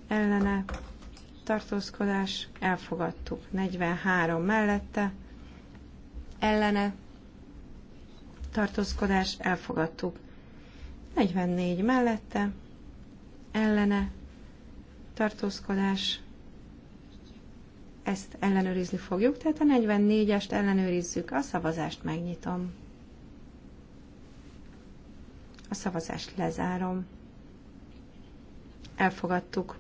ellene, tartózkodás, elfogadtuk. 43 mellette, ellene, tartózkodás, elfogadtuk. 44 mellette, ellene, tartózkodás, ezt ellenőrizni fogjuk, tehát a 44-est ellenőrizzük, a szavazást megnyitom. A szavazást lezárom. Elfogadtuk.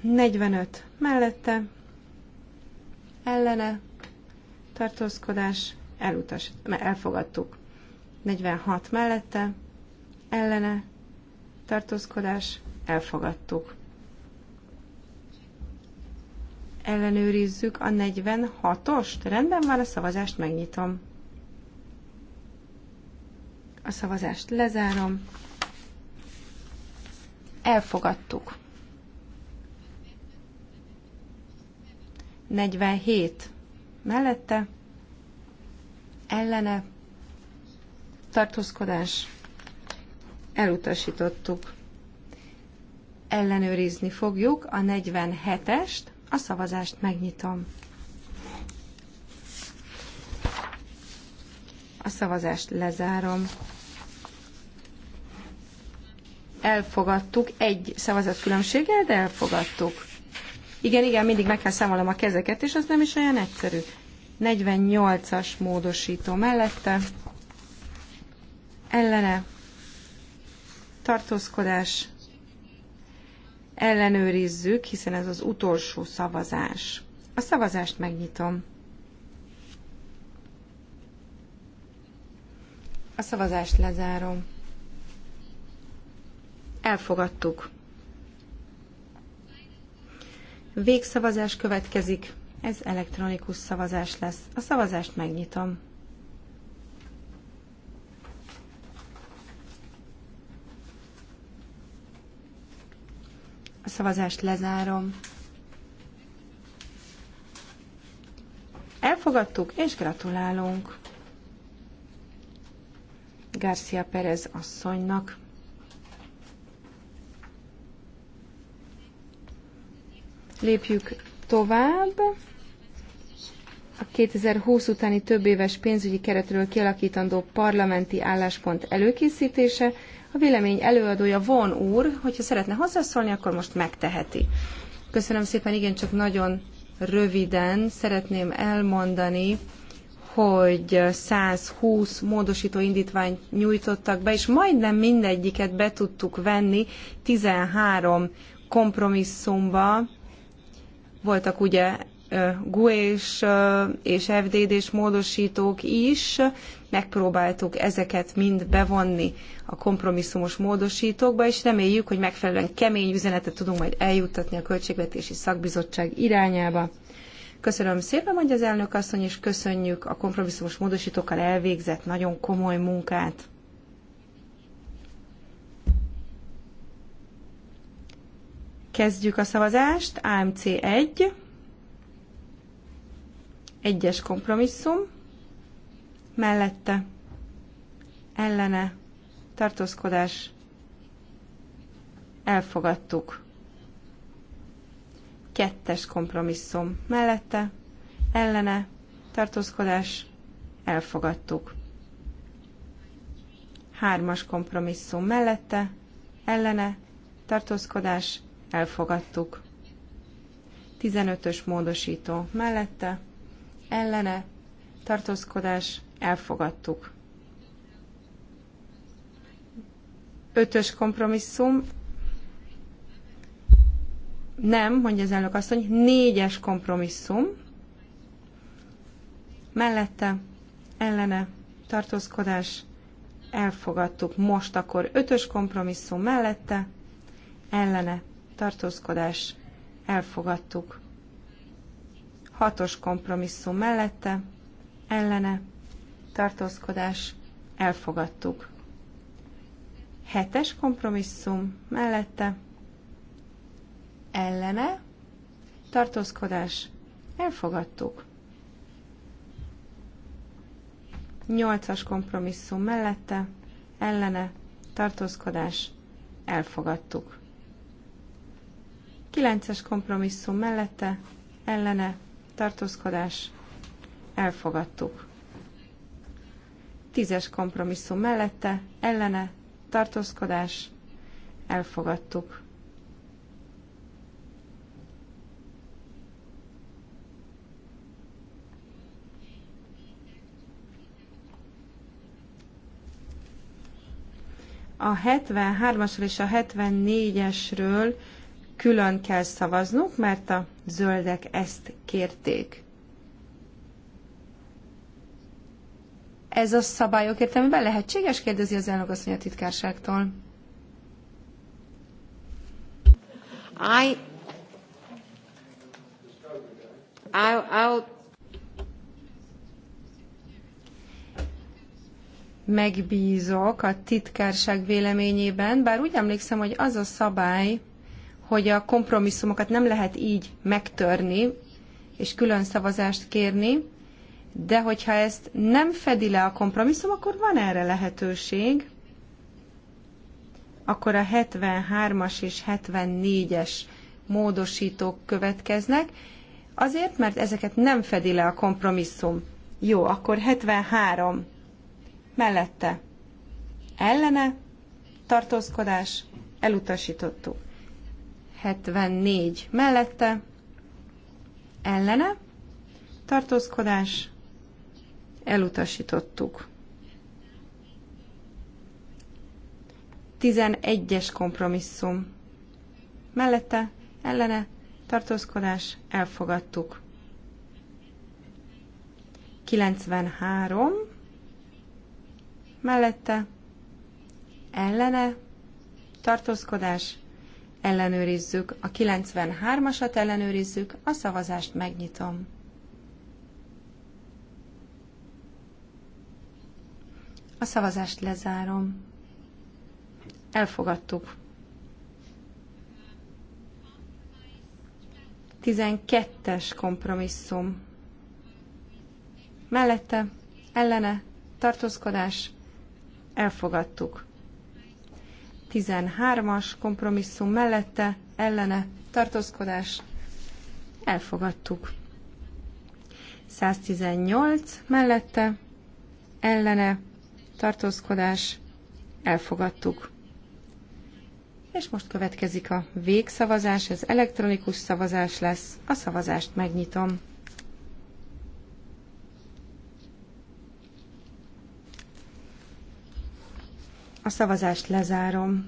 45 mellette, ellene, tartózkodás, elutas, elfogadtuk. 46 mellette, ellene, tartózkodás, elfogadtuk. ellenőrizzük a 46-ost. Rendben van, a szavazást megnyitom. A szavazást lezárom. Elfogadtuk. 47 mellette, ellene, tartózkodás, elutasítottuk. Ellenőrizni fogjuk a 47-est, a szavazást megnyitom. A szavazást lezárom. Elfogadtuk egy szavazat különbséggel, de elfogadtuk. Igen, igen, mindig meg kell számolnom a kezeket, és az nem is olyan egyszerű. 48-as módosító mellette. Ellene. Tartózkodás ellenőrizzük, hiszen ez az utolsó szavazás. A szavazást megnyitom. A szavazást lezárom. Elfogadtuk. Végszavazás következik. Ez elektronikus szavazás lesz. A szavazást megnyitom. szavazást lezárom. Elfogadtuk, és gratulálunk Garcia Perez asszonynak. Lépjük tovább. A 2020 utáni több éves pénzügyi keretről kialakítandó parlamenti álláspont előkészítése. A vélemény előadója Von úr, hogyha szeretne hozzászólni, akkor most megteheti. Köszönöm szépen, igen, csak nagyon röviden szeretném elmondani, hogy 120 módosító indítványt nyújtottak be, és majdnem mindegyiket be tudtuk venni 13 kompromisszumba. Voltak ugye GUE-s és FDD-s módosítók is, megpróbáltuk ezeket mind bevonni a kompromisszumos módosítókba, és reméljük, hogy megfelelően kemény üzenetet tudunk majd eljuttatni a Költségvetési Szakbizottság irányába. Köszönöm szépen, mondja az elnök asszony, és köszönjük a kompromisszumos módosítókkal elvégzett nagyon komoly munkát. Kezdjük a szavazást. AMC 1. Egyes kompromisszum, mellette, ellene, tartózkodás, elfogadtuk. Kettes kompromisszum, mellette, ellene, tartózkodás, elfogadtuk. Hármas kompromisszum mellette, ellene, tartózkodás, elfogadtuk. 15-ös módosító mellette, ellene, tartózkodás, elfogadtuk. Ötös kompromisszum, nem, mondja az elnök asszony, négyes kompromisszum, mellette, ellene, tartózkodás, elfogadtuk. Most akkor ötös kompromisszum mellette, ellene, tartózkodás, elfogadtuk. Hatos kompromisszum mellette, ellene, tartózkodás, elfogadtuk. Hetes kompromisszum mellette, ellene, tartózkodás, elfogadtuk. Nyolcas kompromisszum mellette, ellene, tartózkodás, elfogadtuk. Kilences kompromisszum mellette, ellene, tartózkodás, elfogadtuk. Tízes kompromisszum mellette, ellene, tartózkodás, elfogadtuk. A 73-asról és a 74-esről külön kell szavaznunk, mert a zöldek ezt kérték. Ez a szabályok értelmében lehetséges? Kérdezi az elnök asszony a titkárságtól. I... I'll... Megbízok a titkárság véleményében, bár úgy emlékszem, hogy az a szabály, hogy a kompromisszumokat nem lehet így megtörni, és külön szavazást kérni, de hogyha ezt nem fedi le a kompromisszum, akkor van erre lehetőség. Akkor a 73-as és 74-es módosítók következnek, azért, mert ezeket nem fedi le a kompromisszum. Jó, akkor 73 mellette ellene tartózkodás elutasítottuk. 74 mellette, ellene, tartózkodás, elutasítottuk. 11-es kompromisszum mellette, ellene, tartózkodás, elfogadtuk. 93 mellette, ellene, tartózkodás, ellenőrizzük, a 93-asat ellenőrizzük, a szavazást megnyitom. A szavazást lezárom. Elfogadtuk. 12-es kompromisszum. Mellette, ellene, tartózkodás, elfogadtuk. 13-as kompromisszum mellette, ellene, tartózkodás, elfogadtuk. 118 mellette, ellene, tartózkodás, elfogadtuk. És most következik a végszavazás, ez elektronikus szavazás lesz, a szavazást megnyitom. A szavazást lezárom.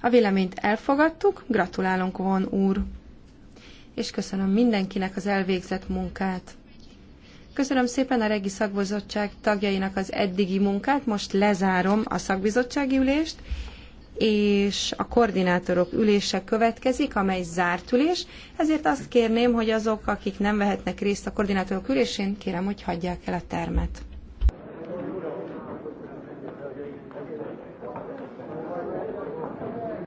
A véleményt elfogadtuk, gratulálunk von úr, és köszönöm mindenkinek az elvégzett munkát. Köszönöm szépen a Regi Szakbizottság tagjainak az eddigi munkát, most lezárom a szakbizottsági ülést, és a koordinátorok ülése következik, amely zárt ülés, ezért azt kérném, hogy azok, akik nem vehetnek részt a koordinátorok ülésén, kérem, hogy hagyják el a termet.